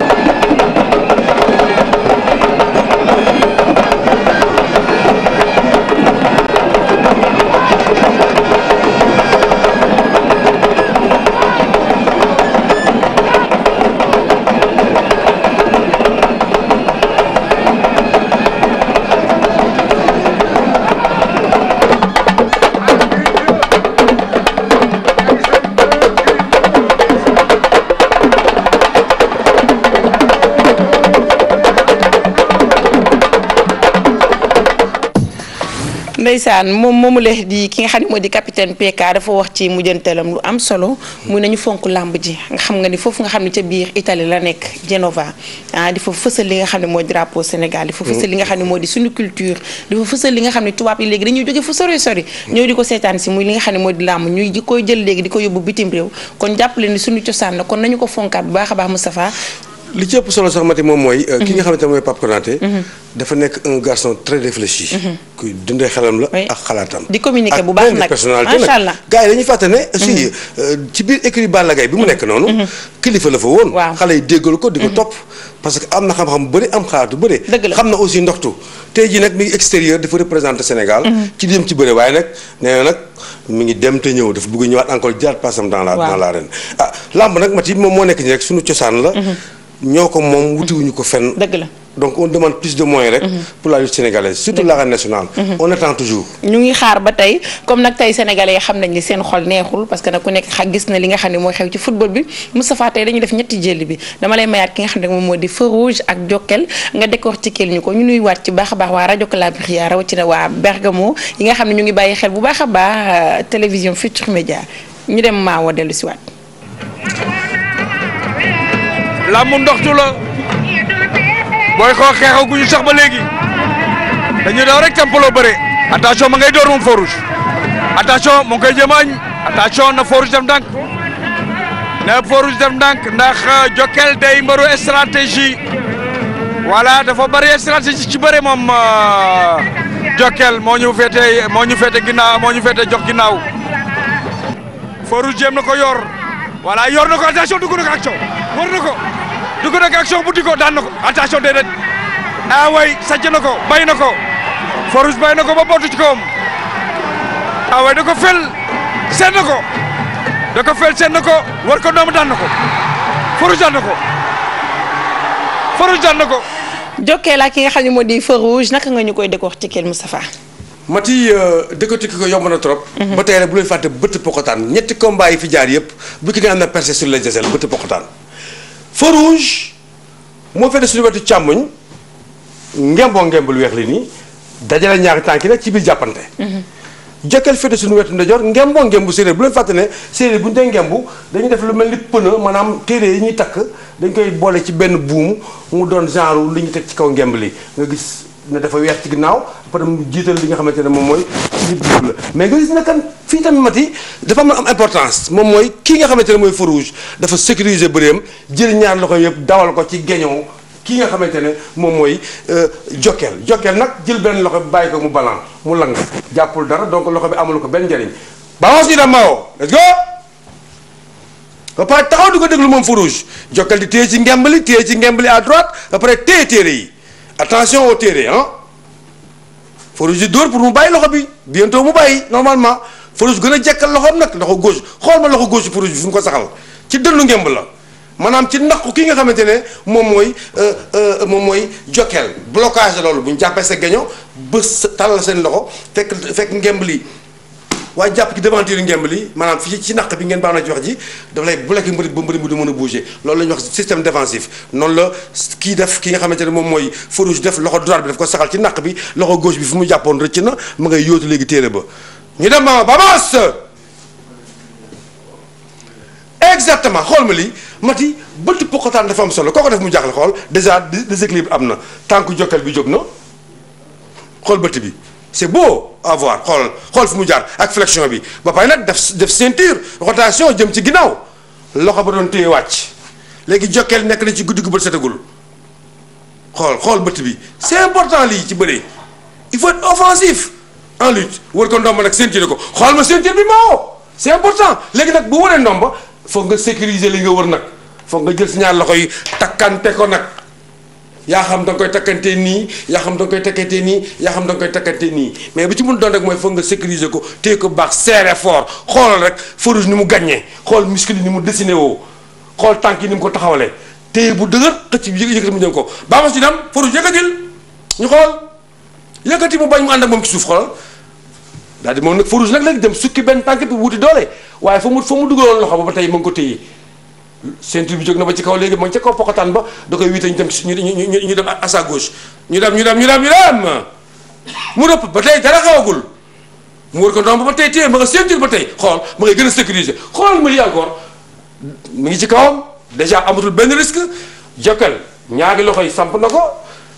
ndeysaan moom moom le di ki nga xam ne moo di capitaine PK dafa wax ci mujjantalam lu am solo muy nañu fonk làmb ji nga xam nga ni foofu nga xam ne ca biir Italie la nekk Genova ah di fa fësal li nga xam ne moo drapeau Sénégal di fa li nga xam ne moo di suñu culture di fa li nga xam ne tubaab yi léegi dañuy jóge fu sori sori ñëw di ko seetaan si muy li nga xam ne moo di làmb ñuy di koy jël léegi di ko yóbbu bitim réew kon jàppale leen suñu cosaan la kon nañu ko fonkaat bu baax a baax Moustapha li ci ëpp solo sax mati moom mooy. Euh, ki nga mhm. xamante ne mooy Pape Konaté. Mhm. dafa nekk un garçon très réfléchi. Mhm. kuy dundee xelam la. ak xalaatam. di communiquer bu baax nag macha allah gars yi dañuy fàtte ne. aussi euh, ci biir écurie Balla Gaye bi mu ah, mati moom moo nekk nii rek suñu cosaan la ñoo ko moom wutiwuñu ko fenn. dëgg la donc on demande plus de moyens rek. Mhm. pour la lutte sénégalaise surtout l'arène nationale. Mhm. on attend toujours. ñu ngi xaar ba tey comme nag tey sénégalais yi xam nañ ni seen xol neexul parce que nag ku nekk xa na li nga xam ne mooy xew ci football def ñetti jëli bi dama mayaat ki nga xam moom moo di feu rouge ak jokkel nga décortiquer ñu ko ñu nuy waat ci baax a baax waa rajo Calabria rawatina waa Bergamo yi nga xam ne ñu ngi bàyyi xel bu baax a baax euh, télévision Futurs Médias ñu dem maaw woo dellu si làmb ndoxtu la booy xoo xeexaguñu sax ba léegi dañu daw rek campaloo bëre attention ma ngay door moom Farouche attention mu ngi koy jëmaañ attention na Farouche def ndànk na Farouche def ndànk ndax euh, Jokal day mbaru stratégie voilà dafa bëri stratégie ci bëre moom euh, Jokal moo ñu féete moo ñu féete ginnaaw moo ñu féete jox ginnaaw Farouche na ko yor voilà yor na ko attention dugg na ak coow war na dugg na ko action bu di ko daan na ko attention de ah waay sàcc na ko bay na ko Farouz bay na ko ba bootu ci kawam ah waay da ko fel seet na ko da ko fel seet na ko war ko doomu daan na ko Farouz daan na ko Farouz daan na ko. jokkee laa ki nga xam ne moo di feu rouge naka nga ñu koy décortiquer Moustapha. Mati euh, décortiquer ko yomb na trop. Mhm. ba tey rek bu leen fàtte bëtt pokotaan ñetti combat yi fi jaar yëpp bu ki nga am na percé sur les aisselles bëtt pokotaan. feu rouge moo fete suñu wetu càmmoñ ngemboo ngembul weex li nii dajale ñaari tànk yi nag ci biir jàppante mhm. jëkkal fete suñu wetu ndeyjoor ngemboo ngembu séeréer bu leen fàtte ne séeréer bu ñu tey ngembu dañuy def lu mel ni pneu maanaam téere yi ñuy takk dañ koy boole ci benn buum mu doon genre li ñu teg ci kaw ngemb li nga gis ne dafa weex ci ginnaaw après mu jiital li nga xamante ne moom mooy ci biir la mais nga gis ne kan fii tamit mati dafa am am importance moom mooy kii nga xamante ne mooy feu rouge dafa sécuriser bëreem jël ñaar loxo yëpp dawal ko ci geñoo kii nga xamante ne moom mooy euh, jokkeel jokkeel nag jël benn loxo bi bàyyi ko mu balan mu lang jàppul dara donc loxo bi amul ko benn njëriñ balance ñu dem Mao let's go ba pare taxaw di ko déglu moom feu rouge jokkeel di téye ci ngembali téye ci ngembali à droite ba pare téye téere yi attention au téere ah Forus dóor pour mu bàyyi loxo bi bientôt mu bàyyi normalement Forus gën a jekkal loxoom nag loxo gauche xool ma loxo gauche Forus bi fu mu ko saxal ci dëndu ngemb la maanaam ci naqu kii nga xamante ne moom mooy euh, euh, moom mooy jokkeel blocage loolu bu ñu jàppee sa geño bës talal seen loxo fekk fekk ngemb li waaye jàpp ci devanture yi ngemb li maanaam fii ci naq bi ngeen baal na ci ji daf lay bloqué mbëri ba mbëri mu du mën a bouger loolu la ñuy wax système défensif noonu la kii def ki nga xamante ne moom mooy Forouz def loxo droite bi daf ko saxal ci naq bi loxo gauche bi fu mu jàppoon rëcc na ma ngay yóotu léegi téere ba ñu dem maama babas exactement xool ma lii mati bëtt poqataan dafa am solo koo ko def mu jaaxle xool déjà déséquilibre am na tànk jokkal bi jóg na xool bi c'est beau à voir xool xool fi mu jaar ak flexion bi ba pare nag def def ceinture rotation jëm ci ginnaaw loxo ba doon téye wàcc léegi jokkeel nekk na ci guddi gu bët setagul xool xool bët bi c'est important lii ci bëree il faut être offensif en lutte wër ko ndomba nag ceinture ko xool ma ceinture bi maa woo c'est important léegi nag bu waree ndomba foog nga sécuriser li nga wër nag foog nga jël si ñaar loxo yi takkante ko nag. yaa xam da nga koy takkante nii yaa xam da nga koy takkante nii yaa xam da nga koy takkante nii mais bu ci mun doon rek mooy foog nga sécuriser ko téye ko baax serré fort xoolal rek farouge ni mu gàññee xool muscle yi ni mu dessiné woo xool tànk yi ni mu ko taxawalee téye bu dëgër xëcc yëkkati mu jëm ko baa ma si dam farouge yëkkatil ñu xool yëkkati mu bañ mu ànd ak moom ci suuf xoolal daal di moom nag farouge nag léegi dem sukki benn tànk bi wuti doole waaye fa mu fa mu dugaloon loxo ba ba tey mu ngi ko ceinture bi jóg na ba ci kaw léegi ma ngi ca kaw pokotaan ba da koy wiite ñu dem ñu ñu ñu dem à sa gauche ñu dem ñu dem ñu dem ñu dem mu rëpp ba tey dara xawagul mu wër ko ndomb ba tey téye ma nga ba tey xool ma ngay gën a xool ma lii encore mu ngi ci kaw déjà amatul benn risque jokkal ñaari loxo yi samp na ko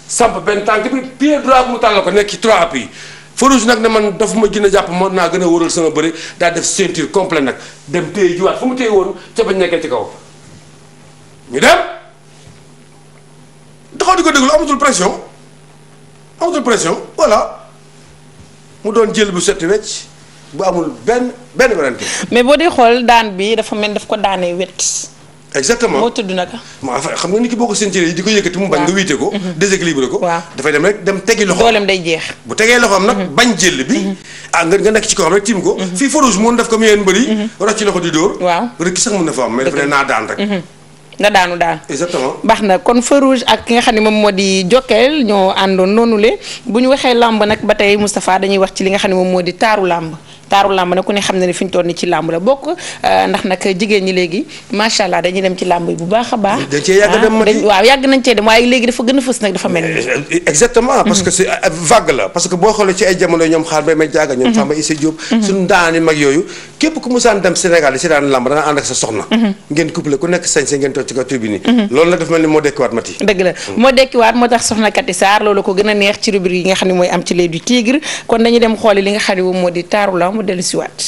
samp benn tànk bi pied droit mu tàllal ko nekk ci trois appuis Farouche nag ne man dafa ma gën a jàpp mën naa gën a wëral sama bëri daa def ceinture complet nag dem téye jiwaat fu mu téye woon ca bañ nekkee ci kaw ñu dem taxaw di ko déglu amatul pression amatul pression voilà mu doon jël bu set wecc bu amul benn benn werante. mais boo dee xool daan bi dafa mel daf ko daanee wet. exactement moo tudd naka. ma xam nga nit boo ko séntu di ko yëkkati mu bañ nga wiite ko. Mhm. déséquilibré ko. dafay dem rek dem tegi loxo. dooleem day jeex. bu tegee loxoom nag mhm. bañ jël bi. Mhm. ah nga nekk ci ko xam rek tiim ko. fii forage moom daf ko mu yéen mbëri. roc loxo di dóor. waaw rek sax mën naa daan nga daanu daal. exactement baax na kon feu rouge ak ki nga xam ne moom moo di Jokal ñoo àndoon noonu le bu ñu waxee làmb nag ba tey Moustapha dañuy wax ci li nga xam ne moom moo di taaru làmb taaru làmb nag ku ne xam ne fi ñu ni ci làmb la bokk euh, ndax nag jigéen ñi léegi macha allah dañuy dem ci làmb yi bu baax a baax. dañ dem ah, mati waaw yàgg nañ cee a fës nag dafa mel ni. Eh, exactement parce dem da sa soxna mhm. ngeen couple ku nekk sañse ngeen toog ci kaw tribune yi mhm. loolu nag dafa mel ni moo dekkiwaat mati dëgg la mm. moo dekkiwaat moo tax soxna Kati Sarr loolu ko gën a neex ci rubrique yi nga xam ne mooy am ci l'œil du tigre kon dañu dem xooli li nga xam ne moo di taaru la mu dellusiwaat.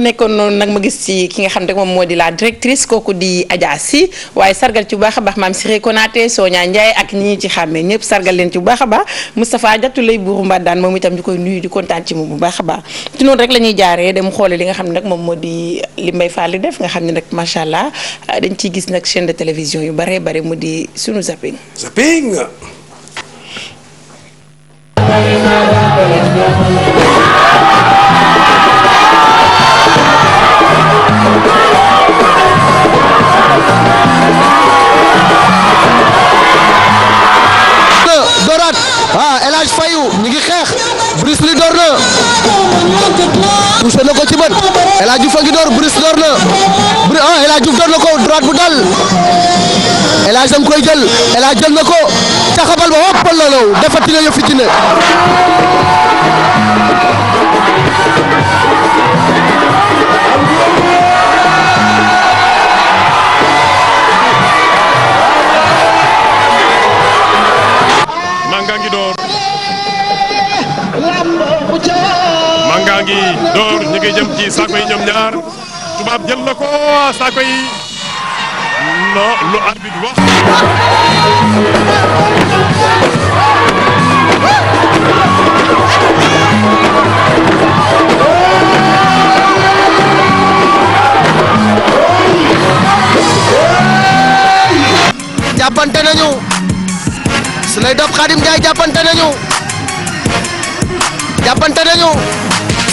ko nekkoon noonu nag ma gis ci ki nga xam te moom moo di la directrice kooku di Adja Si waaye sargal ci bu baax a baax maam Siré soo Sonia Ndiaye ak ñi ñi ci xàmmee ñëpp sargal leen ci bu baax a baax Moustapha Diatou lay buuru Mbadane moom itam ñu koy nuyu di kontaan ci moom bu baax a baax ci noonu rek la ñuy jaaree dem xoole li nga xam ne nag moom moo di li Mbaye Fall def nga xam ne nag macha allah dañ ciy gis nag chaîne de télévision yu bare bare mu di sunu zapping zapping a ngi door Brice door na ah El Hadj Diouf door na ko droite bu dal El Hadj danga koy jël El Hadj jël na ko caxabal ba woppal na loolu defati na yëf yi ci ne jógee jëm ci saako yi ñoom ñaar tubaab jël na ko saako yi non lu arbitre wax. nañu su lay dab Xaadim nañu.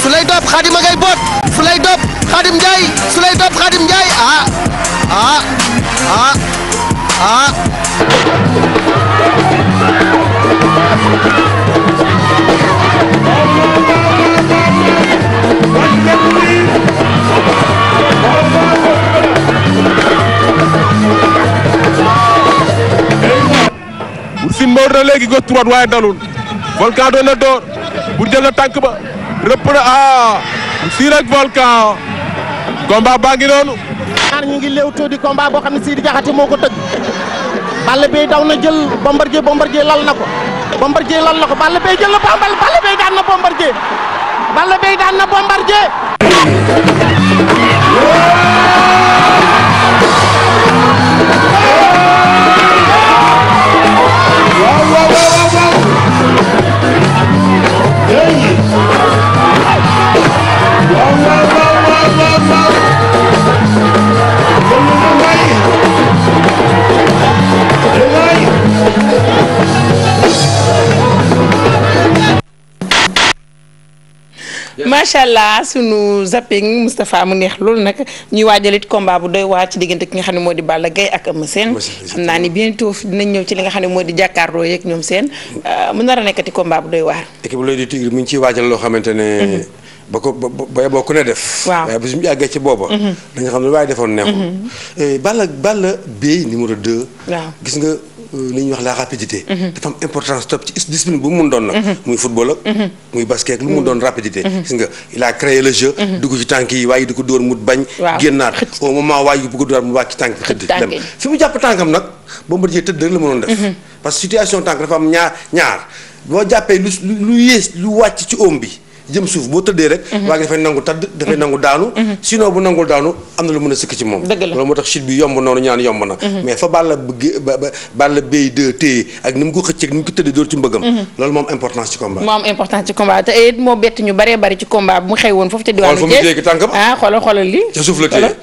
su lay dop xaadim a ngay boot su lay dop xaadim njaay su lay dop xaadim njaay ah ah ah ah Bour Sine mboor na léegi gauche droite waaye dalul Volcan doon na door Bour jël na tànk ba rëpp na ah Siir ak Volcan combat baa ngi noonu. ñaar ñi ngi léewtoo di combat boo xam ne Sidi Diakhaté tëgg Balla Beye daw na jël Bombardier Bombardier lal na ko Bombardier lal na ko Balla Beye jël na Bambal Balla Beye daan na Bombardier Balla macha allah sunu zapping Moustapha mu neex loolu nag ñuy waajalit combat bu doy waa ci diggante ki nga xam ne moo di Balla Gaye ak Eumeu Sène xam naa ni bientôt dinañ ñëw ci li nga xam ne moo di jàkkaarloo yeeg ñoom seen euh, mu nar a nekkati combat bu doy waar équipe L'oeil du Tigre loo xamante ne mhm. ba ko boo ku ne def waaw waaye bu àggee ci booba mhm. da nga xam ne waaye defoon neexul mhm. eh, Balla Balla Beye numéro 2 waaw gis nga Euh, li ñuy wax la rapidité. Mhm. dafa am importance top ci discipline bu mu mun doon nag. Mhm. muy football ak. Mhm. muy basket lu mu doon rapidité. gis nga il a le jeu. dugg ci tànk yi waaye di ko dóor mu bañ. waaw génnaat au moment waaye yu bëgg a dóor mu wàcc tànk bi xëdd fi mu jàpp tànkam nag Bombardier tëdd rek la mënoon def. parce situation tànk dafa am ñaar ñaar boo jàppee lu lu yées lu wàcc ci oom bi. jëm suuf boo tëddee rek mhm. waa gi dafay nangu tadd dafay nangu daanu mhm. Mhm. sinon bu nangul daanu am na lu mën a sëkk ci moom loolu moo tax chute bi yomb noonu ñaan yomb na mais fa Balla bëgg Balla Beye 2 téye ak ni mu ko xëcceeg ni mu ko tëddee door ci mbëggam loolu moo am importance ci combat moo am importance ci combat te moo bett ñu baree bari ci combat bu mu xew woon foofu te diwaanu Thiès xool fa mu téye ah, li ca suuf la téye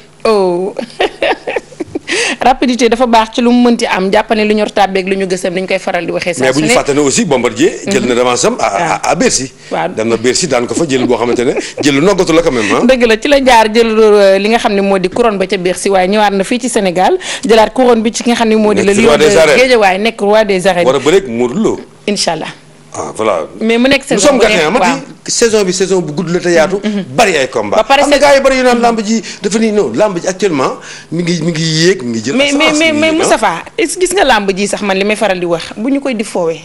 (laughs) (laughs) rapidité dafa baax ci lu mu mënti am jàppane lu ñor tàbbeeg lu ñu gësam dañ koy faral di waxee. saa su ne mais bu ñu fàttali aussi mhm. jël na revanche am à à ah. Bercy. waaw daan ko fa jël boo xamante ne jël noggatu la quand même dëgg la ci la jaar jël euh, li nga xam ne moo di couronne ba ca Bercy waaye ñëwaat na fii ci Sénégal jëlaat couronne bi ci nga xam ne moo di. la Lion de Guédiawaye nekk roi des arènes war a bëreeg Modou Lo incha allah ah voilà mais mu nekk saison bu nekk saison bi saison bu gudd la te yaatu. Mm-hmm, mm-hmm. bari ay combat ba pare am na gars bari yu naan mm-hmm. ji dafa nii non lamb ji actuellement mi ngi mi ngi yéeg mi ngi jël. mais mais mais Moustapha ah. gis nga làmb ji sax man li may faral di wax bu ñu koy di foowee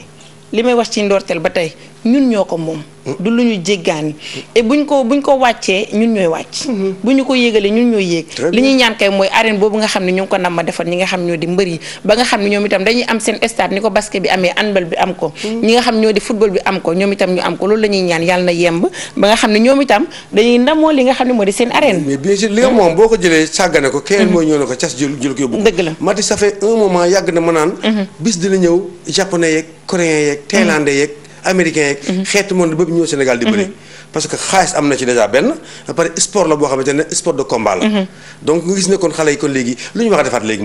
li may wax ci ndoorteel ba tey ñun ñoo ko moom. du lu ñu jéggaani. et buñ ko buñ ko wàccee ñun ñooy wàcc. bu ñu ko yégalee ñun ñooy yéeg. li ñuy ñaan kay mooy arène boobu nga xam ne ñu ko nam ma defar ñi nga xam xam ne ñoom itam dañuy am seen stade bi amee handball bi am ko. Hmm. ñi nga xam ñoo di football ñaan yàlla na yemb ba nga xam ne ñoom itam dañuy ndamoo li nga xam ne moo di seen arène. mais bien li moom hmm. boo ko jëlee sàggane ko. keneen hmm. mooy ñëw na ko cas jël jël ko yóbbu. Mati ça fait un moment yàgg na ma naan. bis dina ñëw japonais yeeg coréen yeeg thaïlandais yeeg américain yeeg. Mhm. xeetu monde boobu ñëw Sénégal di bëri. Mhm. parce que xaalis am na ci déjà benn ba pare sport la boo xamante ne sport de combat la. Mhm. donc nga gis ne xale yi kon léegi lu ñu ba xam ne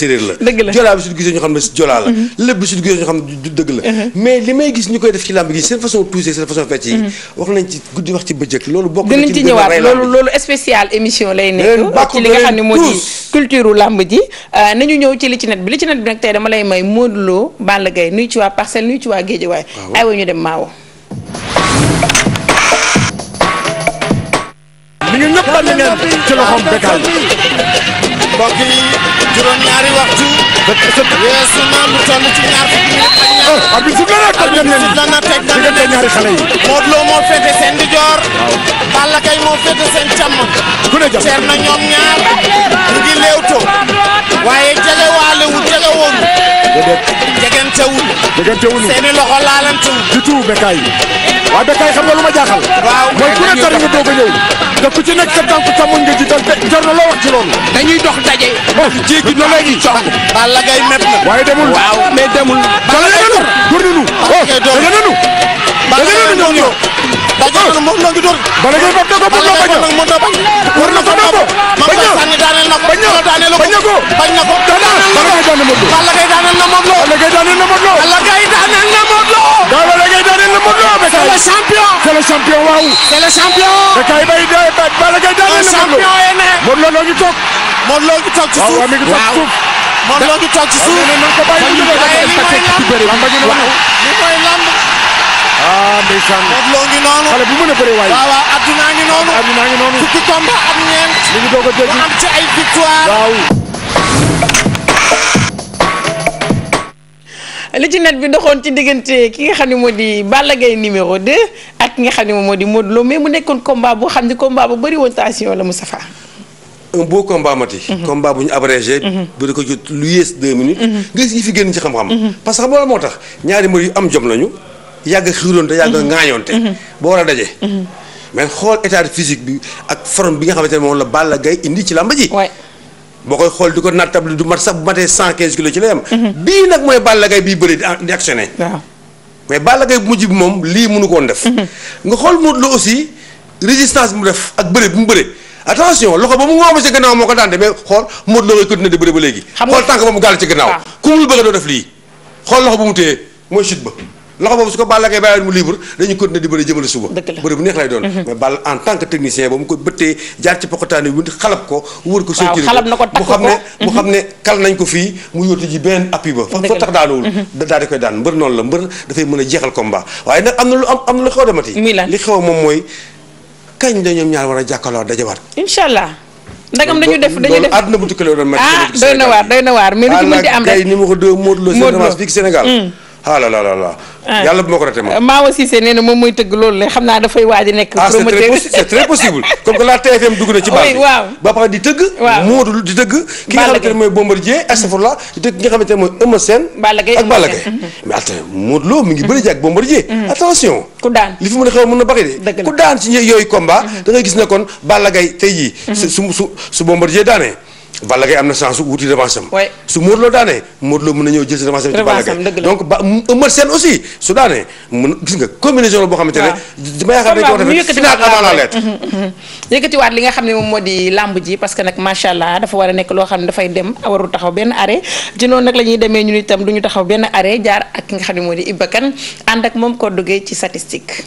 séeréer la. dëgg mhm. mhm. mais li may gis ñu koy def ci làmb gi seen façon tuusee seen façon fecc yi. wax nañ ci guddi wax ci bëccëg loolu bokk na ci dinañ loolu loolu spécial émission lay nekk ci li nga xam ne moo di culture mbiru làmb ji euh, nañu ñëw ci li ci net bi li ci net bi nag tey dama lay may Modou Lo Balla Gaye nuyu ci waa Parcelles nuyu ci waa Guédiawaye aywa ñu dem Maawo weesu na lu toll ci ñaar fukki minutes ak ñaar. ah arbitre sifle na teg nañ ñaari xale yi. Modou Lo moo féete seen ndijoor. waaw Balla Gaye moo féete seen càmmoñ. ku ne jàpp seer na ñoom ñaar ñu ngi léewtoo waaye jege wu jege woon. déedéet seeni loxo laalante wul. du tout Bécaye. waaw Bécaye xam nga lu ma jaaxal. waaw mooy ku ne tari nga doog a ñëw. te ku ci nekk sa tànk càmmoñ nga jiital te jar na loo wax ci loolu. dañuy dox daje. ndax oh, jéggi na la ñuy cong. Balla Gaye met na. waaye demul waaw mais demul. Balla Gaye door na nu. Balla Gaye oh, door na nu. Balla Gaye na nu. daje moom noo ngi dóor bala ngay fab da ko bëgg bañ na mën na bañ war na ko na ko bañ na sànni daaneel na ko bañ na daaneel ko bañ na ko bañ na ko bala ngay daaneel Modou Lo bala ngay daaneel na Modou Lo bala ngay daaneel na Modou Lo bala ngay daaneel na Modou Lo da bala ngay daaneel na Modou Lo c'est le champion c'est le champion waaw c'est le champion da kay bay de bala ngay daaneel na Modou Lo Modou Lo noo ngi toog Modou Lo ngi toog ci suuf waaw mi ngi toog ci suuf Modou Lo ngi toog ci suuf ko bàyyi mu def ah ndeysaan li ñu ci ay bi doxoon ci diggante ki nga xam ne moo di Balla Gaye numéro 2 ak ki nga xam ne moom moo di Modou Lo mais mu nekkoon combat boo xam ne combat bu bariwoon woon tension la Moustapha un beau combat mati mhm. combat bu ñu abrégé bu mhm. di ko lu yées deux minutes mhm. nga gis fi génn ci xam-xam parce que xam nga moo tax ñaari mbër yu am jom lañu yàgg a xiiroonte yàgg a mhm. ŋaañoonte. Mhm. boo war a daje. Mhm. mais xool état physique bi ak forme bi nga xamante ne moom la Balla Gaye indi ci làmb ji. boo koy xool di ko naat table du mat sax bu matee cent quinze kilos ci lay am. mooy Balla Gaye bii bëri di actionné. mais Balla Gaye bu moom lii mënu ko woon def. nga xool Modou aussi résistance bi mu def ak bëre bi mu bëre. attention loxo ba mu ngooma ci gannaaw moo ko daan mais xool Modou Lo ngay continuer ba nga xool tànk ba mu gàll ci gannaaw. ku mu bëgg doo def lii xool loxo bu mu téye mooy chute ba. loxo boobu su ko Balla Gaye bàyyiwoon mu libre dañuy continuer di bëri jëmale suba bëri bu neex lay doon mhm. mais Balla en tant que technicien ba mu ko bëttee jaar ci pokotaani bi xalab ko ko sokiri mu xam mhm. ne mu ko fii mu yóotu ji benn ba fa tax daanuwul mhm. daal koy daan mbër noonu la mbër dafay mën a jeexal combat waaye nag am na lu am am na lu xew demati li xew moom mooy kañ la ñaar war a jàkkaarloo dajawaat incha allah ndagam dañu def ah, na waar doy na waar mais lu ah la la la la. Ah. yàlla bu ma ko raté ma. Mawa Cissé nee na moom mooy tëgg loolu la xam naa dafay waaj a nekk. Ah, promoteur ah c'est très possible comme que la TFM dugg na ci (laughs) baax bi waaw ba pare di tëgg. waaw nga xamante ne mooy Bombardier astafurlah di tëgg ki nga xamante ne mooy Eumeu Sène. Balla Gaye ak Balla Gaye mais attends Modou Lo mi ngi bëri ak Bombardier. Mm-hmm. Mm-hmm. attention. ku daan li fi mën a xew mën na bari de. ku daan ci yooyu combat. Mm-hmm. da ngay gis ne kon Balla Gaye tey jii. su su su Bombardier daanee Balla Gaye am na chance su wuti revanche am. su Modou Lo daanee Modou Lo na ñëw jël si revanche boo xamante ne. ma yaakaar (laughs) li nga xam ne moom moo di làmb ji parce que nag macha allah dafa war a nekk loo xam ne dafay dem warul taxaw benn arrêt ci noonu nag la ñuy demee ñun itam du ñu taxaw benn arrêt jaar ak ki nga xam ne moo di Iba Kane ànd ak moom ko duggee ci statistique.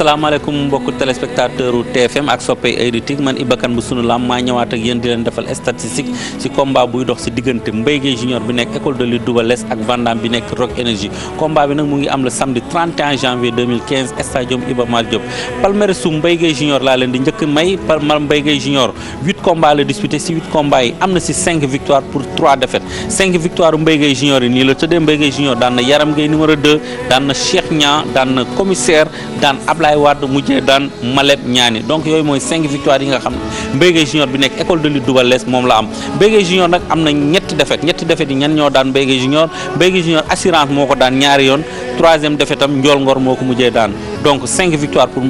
asalaamaaleykum mbokku téléspectateur u TFM ak soppey aéritique man Iba Kane bu sunu lam maa ñawaat ak yéen di leen defal statistique ci combat buy dox ci diggante Mbaye Guèye junior bi nekk école de lutte Double Less ak Vandam bi nekk Rock Énergie combat bi nag mu ngi am le samedi 31 janvier 2015 stadium Iba Mar Diop palmarès su Mbaye Guèye junior laa leen di njëkk may Mbaye Guèye junior 8 combats la disputé si huit combats yi am na si cinq victoires pour trois défaites cinq victoires Mbaye Gueye junior yi nii la tëddee Mbaye Gueye junior daan na Yaram Gueye numéro deux daan na Cheikh Niang daan na commissaire daan Ablaye Wade mujjee daan Malem Niani donc yooyu mooy cinq victoires yi nga xam ne Mbaye Gueye junior bi nekk école de lutte Double Less moom la am Mbaye Gueye junior nag am na ñetti défaites ñetti défaites yi ñan ñoo daan Mbaye Gueye junior Mbaye Gueye junior assurance moo ko yoon troisième défaite am Ndiol Ngor moo ko mujjee daan donc cinq victoires pour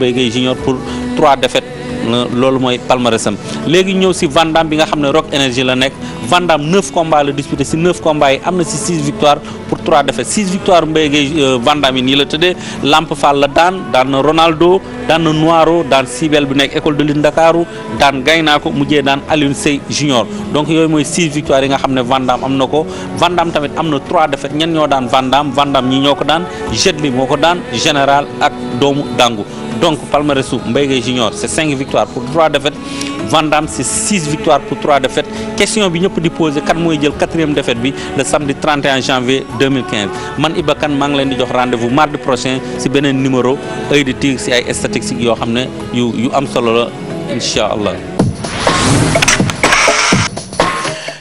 loolu mooy palmarèsam léegi ñëw si Van bi nga xam ne Rock Énergie la nekk Van Damme neuf combats la disputé si neuf am na si six victoires pour trois défaites six victoires Mbaye Guèye euh, Van Damme yi nii la tëddee Lamp Fall la daan daan na Ronaldo daan na Noiro daan Sibel bi nekk école de lune Ndakaaru daan Gaynaa ko mujjee daan Alioune Seye junior donc yooyu mooy six victoires yi nga xam ne Van am na ko Van Damme tamit am na trois défaites ñen ñoo daan Van Damme Van ñi ñoo ko daan Jet li moo ko daan général ak doomu Dangu donc palmarèsu Mbaye Gueye Junior c'est cinq victoires pour trois défaites Van Damme c'est six victoires pour trois défaites question bi ñëpp di posé kan mooy jël quatrième défaite bi le samedi 31 janvier 2015 man Iba Kane maa ngi leen di jox rendez-vous mardi prochain ci beneen numéro Oeil de Tigre ci ay statistiques yoo xam ne yu yu am solo la incha allah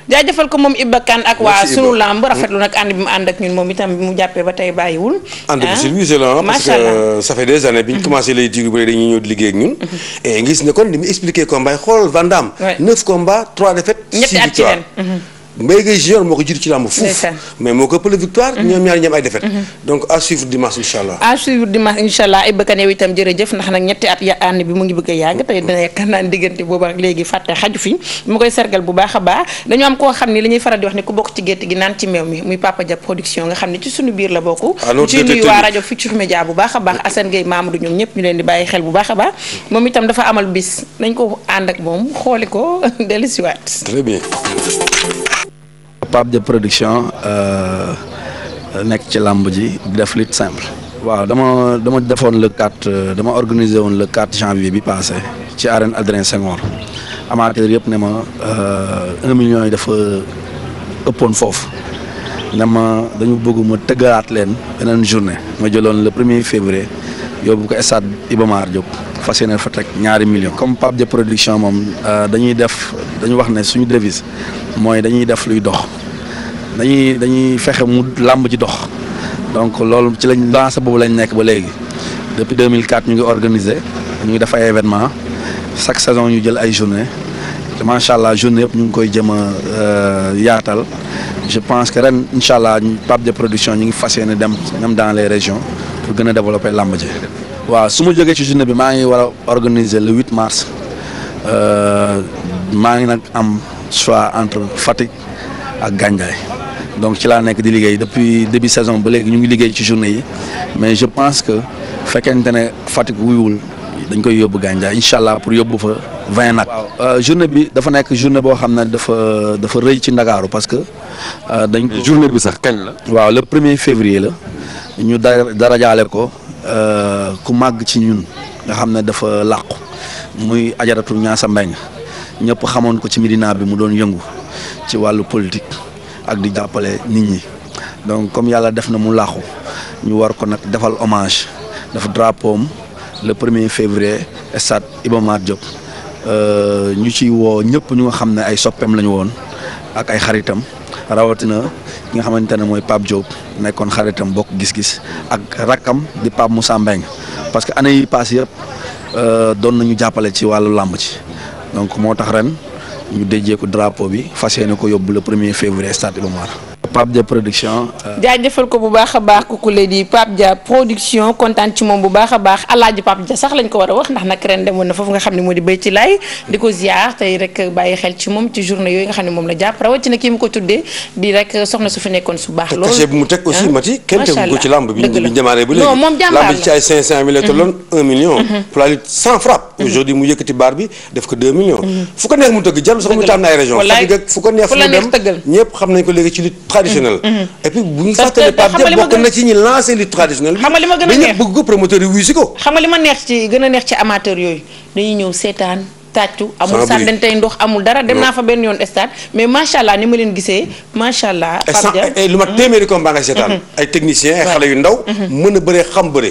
jafal ko moom Iba Kane ak waa sunu lamb rafetlu nag ànd bi mu ànd ak ñun moom itam bi mu jàppee ba tey bàyyiwul ànd bi ah, service la parce que euh, ça fait des années bi ñu commencé lay diir ba dañuy ñëw di liggéey ak ñun mhm. et ngis ne kon li mu expliqué combat yi xool Vandam neuf combats trois défaites six victoires Mbaye Gueye junior moo ko jiitu ci làmb fuuf mais moo ko ëppale victoire mhm. ñoom ñaari ñoom ay défaite mhm. donc à suivre dimanche incha allah suivre dimanche incha ay bëkkan yow itam jërëjëf ndax nag ñetti at ya ànd bi mu a yàgg tey dina yaakaar naa diggante boobu baax a am koo xam ni li ñuy faral wax ne ku bokk ci gétt gi naan ci meew mi muy Papa Dia production nga biir la bokk ci nuyu waa rajo Futurs Médias bu baax a baax Assane Gueye Mamadou ñoom ñëpp ñu leen di a amal bis nañ ko ànd ak moom xooli ko (laughs) dellusiwaat très bien Pape Dia production euh, nekk ci làmb ji di def lutte simple. waaw dama dama defoon le 4 euh, dama organiser woon le 4 janvier bi passé ci arène Adrien Senghor amateur yëpp ne ma 1 euh, million yi dafa ëppoon foofu ne ma dañu bëgg ma tëggalaat leen beneen journée ma jëloon le premier février. yóbbu ko stade Iba Mar Diop fas yéene fa teg ñaari million comme Pape de production moom euh, dañuy def dañu wax ne suñu devise mooy dañuy def luy dox dañuy dañuy fexe mu làmb ci dox donc loolu ci lañ lancé boobu lañ nekk ba léegi depuis 2004 ñu ngi organiser ñu ngi def ay événement chaque saison ñu jël ay journée macha allah journée yëpp ñu ngi koy jëm a euh, yaatal je pense que ren incha allah Pape de production ñu ngi fas yéene dem même dans les régions pour gën a développer làmb ji. waaw su ma jógee ci journée bi maa ngi war a organiser le 8 mars euh, maa ngi nag am choix entre Fatick ak Gandiaye donc ci laa nekk di liggéey depuis début saison ba léegi ñu ngi liggéey ci journée yi mais je pense que fekkente ne Fatick wuyuwul dañ koy yóbbu Gandiaye incha allah pour yóbbu fa vingt nag. waaw euh, journée bi dafa nekk journée boo xam ne dafa dafa rëy ci Ndakaaru parce que. Euh, dañ journée bi sax kañ la. waaw premier février la. ñu darajaale ko euh, ku màgg ci ñun nga xam ne dafa làqu muy ajaratu ñaasa mbeng ñëpp xamoon ko ci Médina bi mu doon yëngu ci wàllu politique ak di jàppale nit ñi donc comme yàlla def na mu làqu ñu war ko nag defal hommage dafa drapeau le premier février stade Iba Mar Diop euh, ñu ciy woo ñëpp ñu nga xam ne ay soppeem lañu woon ak ay xaritam rawatina ki nga xamante ne mooy Pape Diop nekkoon xaritam bokk gis-gis ak rakkam di Pape Moussa Mbengue parce que année yi passé yëpp euh, doon nañu jàppale ci wàllu làmb ci donc moo tax ren ñu déjee ko drapeau bi fas yéene ko yóbbu le premier février stade Iba Mar Pape Dia production. Euh, jaajëfal ko bu baax a baax kooku la di Pape production kontaan ci moom bu baax a baax alaaji Pape Dia sax lañ ko war a wax ndax nag ren demoon na foofu nga xam ne moo di béy ci laay di ko ziar tey rek bàyyi xel ci moom ci journée yooyu nga xam ne moom la jàpp rawatina kii mu ko tuddee di rek soxna su fi nekkoon su baax. loolu cachet bi mu teg aussi ah, Mati kenn tegu ko ci lamb bi. dëgg la non moom jàmbaar la bi ñu démarré lamb ci ay 500 mille la mm-hmm. (laughs) aujourd'hui mu yëkkati baar bi def ko 2 millions mhm. fu ko neex mu tëgg jarul sax mu tànn ay région fu ko neex mu dem ñëpp xam nañ ko léegi ci lutte traditionnelle mhm. Mhm. et puis bu ñu fàttalee Pape na ci ñi lancé lutte ma gën a neex ci amateur yooyu dañuy ñëw seetaan tàccu amul sànnantey ndox amul dara dem naa fa benn yoon stade mais macha allah ni ma leen gisee macha allah. Pape Diop lu ma téeméeri combat nga seetaan ay techniciens ay xale yu ndaw mën a bëree xam bëre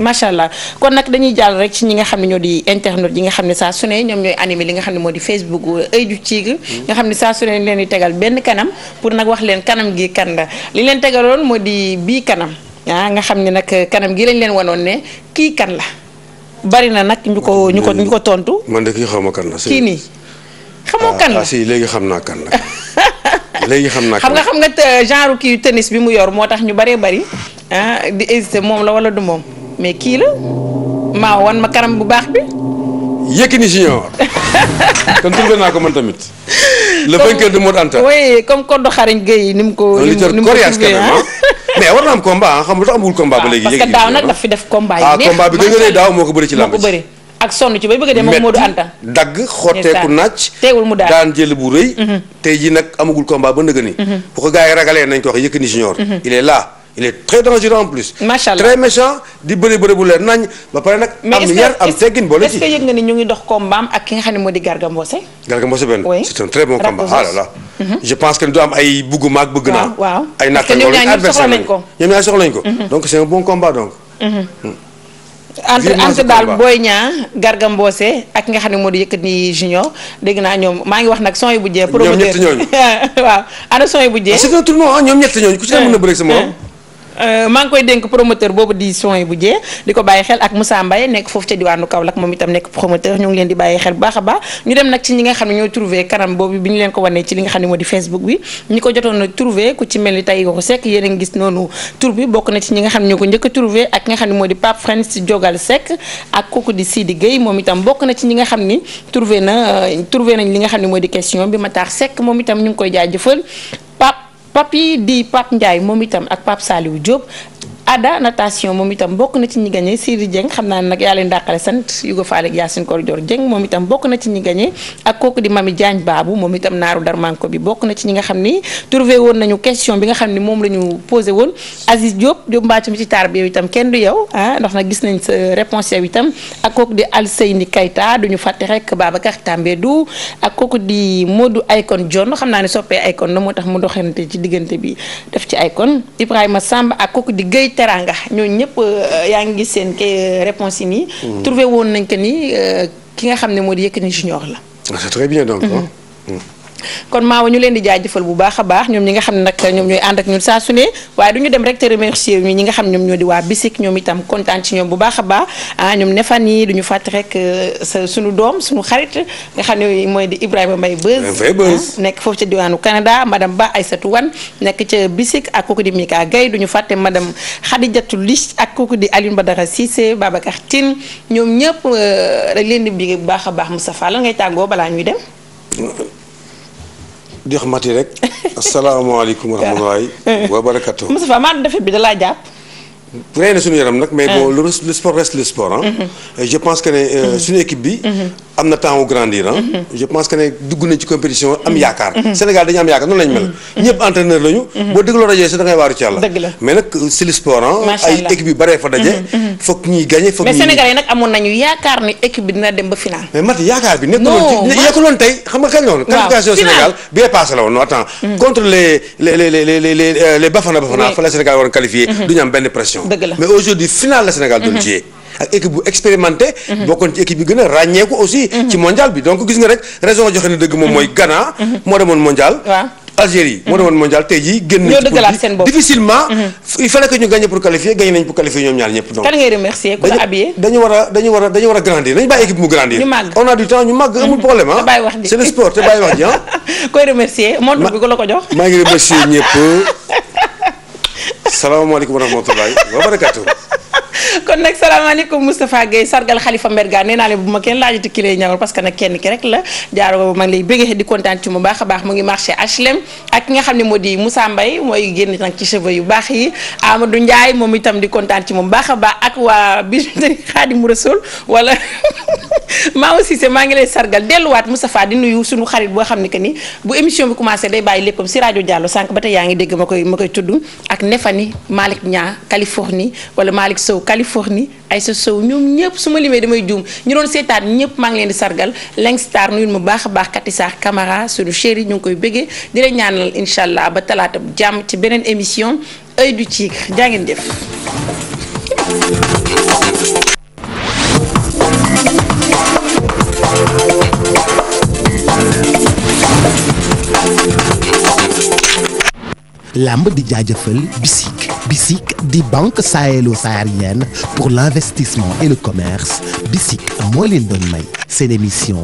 macha allah kon nag dañuy jàll rek ci ñi nga xam ne ñoo di internet yi nga xam ne saa su ñoom ñooy animé li nga xam ne moo di Facebook Oeil du Tigre nga xam ne saa su ne leen di tegal benn kanam pour nag wax leen kanam gi kan la li leen tegaloon moo di bii kanam ah nga xam ni nag kanam gi lañ leen wanoon ne kii kan la bari na nag ñu ko ñu ko ñu ko tontu. man de kii ma kan la kii nii. xamoo ah, kan la ah, si léegi xam naa kan la. (laughs) léegi xam naa xam nga xam nga euh, genre kii tennis bi mu yor moo tax ñu baree bari ah di hésité moom la wala du moom. mais kii la maa wan ma kanam bu baax bi. Yékini Junior. (laughs) kon trouvé naa ko man tamit. le vainqueur de Modou Anta. oui comme Kodou Xarañ Gueye ni mu ko. ni mu ko trouvé mais war na am combat xam nga tax amul combat ba léegi. Yékini Junior parce que daaw nag daf fi def combat yi. Ah, neex bi a daaw moo ko bëri ci làmb ji ak sonn ci bay bëgg a dem ak Modou Anta. dagg xotteeku naaj. teewul mhm. tey ji nag amagul combat ba nëgëni. Mhm. bu ko gars ragalee nañ ko wax Yékini Junior. Mhm. il est il est très dangereux en plus. macha allah très méchant di bëri bëri bu leer nañ ba pare nag. am yar am teggin boole ci est que yëg nga ni ñu ngi dox kombaam ak ki nga xam ne moo di Garga Mbossé. Garga Mbossé benn ah que du am ay bugguma ak bëgg ko ñoom ñaar soxla nañ ko. Mhm. donc c'est un bon combat donc. Mhm. Mhm. entre entre daal Boy Niang Garga ak nga xam ne moo di Yékini Junior dégg naa ñoom maa ngi wax nag son bu jee. promoteur (laughs) ah, ah, ñoom ñett ñooñu. bu jee. c'est un tournoi ñoom ku ci ne eh. mën na bëre sa morom eh. Euh, maa ngi koy dénk promoteur boobu di son yi bu jee di ko bàyyi xel ak Moussa Mbaye nekk foofu ca diwaanu Kaolack moom itam nekk promoteur ñu ngi leen di bàyyi xel bu a baax ñu dem nag ci ñi nga xam ne ñoo trouvé kanam boobu bi ñu ko wanee a trouvé ku ci ni tey ko Seck yéen a ngi gis noonu tur bi bokk na ci ñi nga a trouvé ak nga xam ne moo di Pape France Jogal Seck moom itam bokk na ci ñi nga xam ni trouvé na euh, trouvé nañ li nga xam ne moo di question bi Matar sekk moom itam ñu ngi koy jaajëfal Pape Papi di Pape Ndiaye moom itam ak Pape Saliou Diop Ada natation moom itam bokk na ci ñi gagné Siri Dieng xam naa nag yaa leen dàqale sant Yugo Fall ak Yacine Kor Dior moom itam bokk na ci ñi gagné ak kooku di Mami Diagne Babou bokk na ci ñi nga xam ni trouvé woon nañu question bi nga xam ni moom la ñu posé woon Aziz Diop Diop mbaacu mi ci taar bi yow itam kenn du yow ah ndax nag gis nañ sa réponse yow itam ak kooku di Alseyni Kayta duñu fàtte rek Babacar Tambédou ak kooku di Modou Aykon John xam naa ne soppee Aykon na moo tax mu doxante ci diggante bi def ci Aykon Ibrahima Samb ak kooku di Guèye teranga ñooñu ñëpp euh, yaa ngi gis seen kay euh, réponse nii. Hmm. trouvé woon nañ que ni euh, ki nga xam ne moo di Yékini Junior la. Ah, c'est très bien donc. Hmm. kon maawa ñu leen di jaajëfal bu baax a baax ñoom ñi nga xam ne nag ñoom ñooy ànd ak ñun saa su ne waaye du ñu dem rek te remercier ñi nga xam ñoom ñoo di waa bisik ñoom itam kontaan ci ñoom bu baax a baax ah ñoom nefan yi duñu fàtte rek euh, sa suñu doom suñu xarit nga xam ne mooy di Ibrahima Mbaye Beuz ah, nekk foofu ca diwaanu Canada madame Ba Aïssatou Wan nekk ca bisik ak kooku di Mika du ñu fàtte madame Khadijatou Lis ak kooku di Alioune Badara Cissé Babacar Tine ñoom ñëpp euh, dañ leen di bige bu baax a baax mu sa lan ngay tàngoo balaa ñuy dem di wax mati rek. asalaamaaleykum wa rahmatulahi wa barakatuh. Moustapha maa defet bi da laa jàpp. rey na suñu yaram nag. mais bon ah. le sport reste le sport ah. je pense que ne euh, mm-hmm. suñu équipe bi. Mm-hmm. am na temps wu grandir ah. Mhm. je pense que ne dugg nañ ci compétition am mhm. yaakaar. Mhm. Sénégal dañu am yaakaar noonu lañ mel. ñëpp entraîneur lañu. boo dégloo rajo yi sax da ngay waaru ci yàlla. dëgg la mais nag euh, c'est le sport ah. ay équipe yu baree fa daje. foog ñuy gagné foog ñuy. mais Sénégal yi nag amoon nañu yaakaar ni équipe bi dina dem ba final. mais Mate yaakaar bi nekkuloon ci nekkuloon tey xam nga kañ la woon. qualification Sénégal bi passé la woon non attends. contre les les les les les les euh, Bafana Bafana fa la Sénégal waroon qualifié. du ñu am benn pression. dëgg la mais aujourd'hui final la Sénégal doon jiyee ak équipe bu expérimenté. Mhm. bokkoon ci équipe bi gën a ràññeeku aussi. ci mhm. mondial bi donc gis nga rek raison joxe na dëgg moom mooy mhm. gana moo demoon mondial. waaw Algérie moo demoon mondial tey jii. génn nañ ci seen bopp difficilement. il fallait que ñu gagné pour qualifier gagné nañ pour qualifier ñoom ñaar ñëpp. donc kan ngay remercier ku la habillé. dañu war a dañu war a dañu war a grandir nañu bàyyi équipe mu grandir. ñu màgg on a du temps ñu màgg (laughs) (laughs) (laughs) kon nag salaamaaleykum Moustapha Guèye sargal Khalifa Mbergane nee naa leen bu ma kenn laajati ki lay ñawal parce que nag kenn ki rek la jaaro ma ngi lay bëggee di kontaan ci mu baax a baax mu ngi marché HLM ak nga xam ne moo di Moussa Mbaye mooy génn nag ci cheveux yu baax yi ama du Ndiaye moom itam di kontaan ci moom baax a baax ak waa (laughs) bijouterie Khadimou Rassoul wala maa aussi c'est maa ngi lay sargal delluwaat Moustapha di nuyu suñu xarit boo xam ne que ni bu émission bi commencé day bàyyi léppam si rajo Diallo sànq ba yaa ngi dégg ma koy ma koy tudd ak Nefani Malick Nia Californie wala Malick Sow Californie sa Sow ñoom ñëpp su ma limee damay juum ñu doon seetaan ñëpp maa ngi leen di sargal Langstar nuyul mu baax a baax Katisaar Camara suñu chéri ñu ngi koy bëggee dina la ñaanal incha allah ba talaata bu jàmm ci beneen émission Œil du Tigre jaa ngeen làmb di jaajëfal BICIC BICIC di banque sahélo-saharienne pour l'investissement et le commerce BICIC moo leen doon may seen émission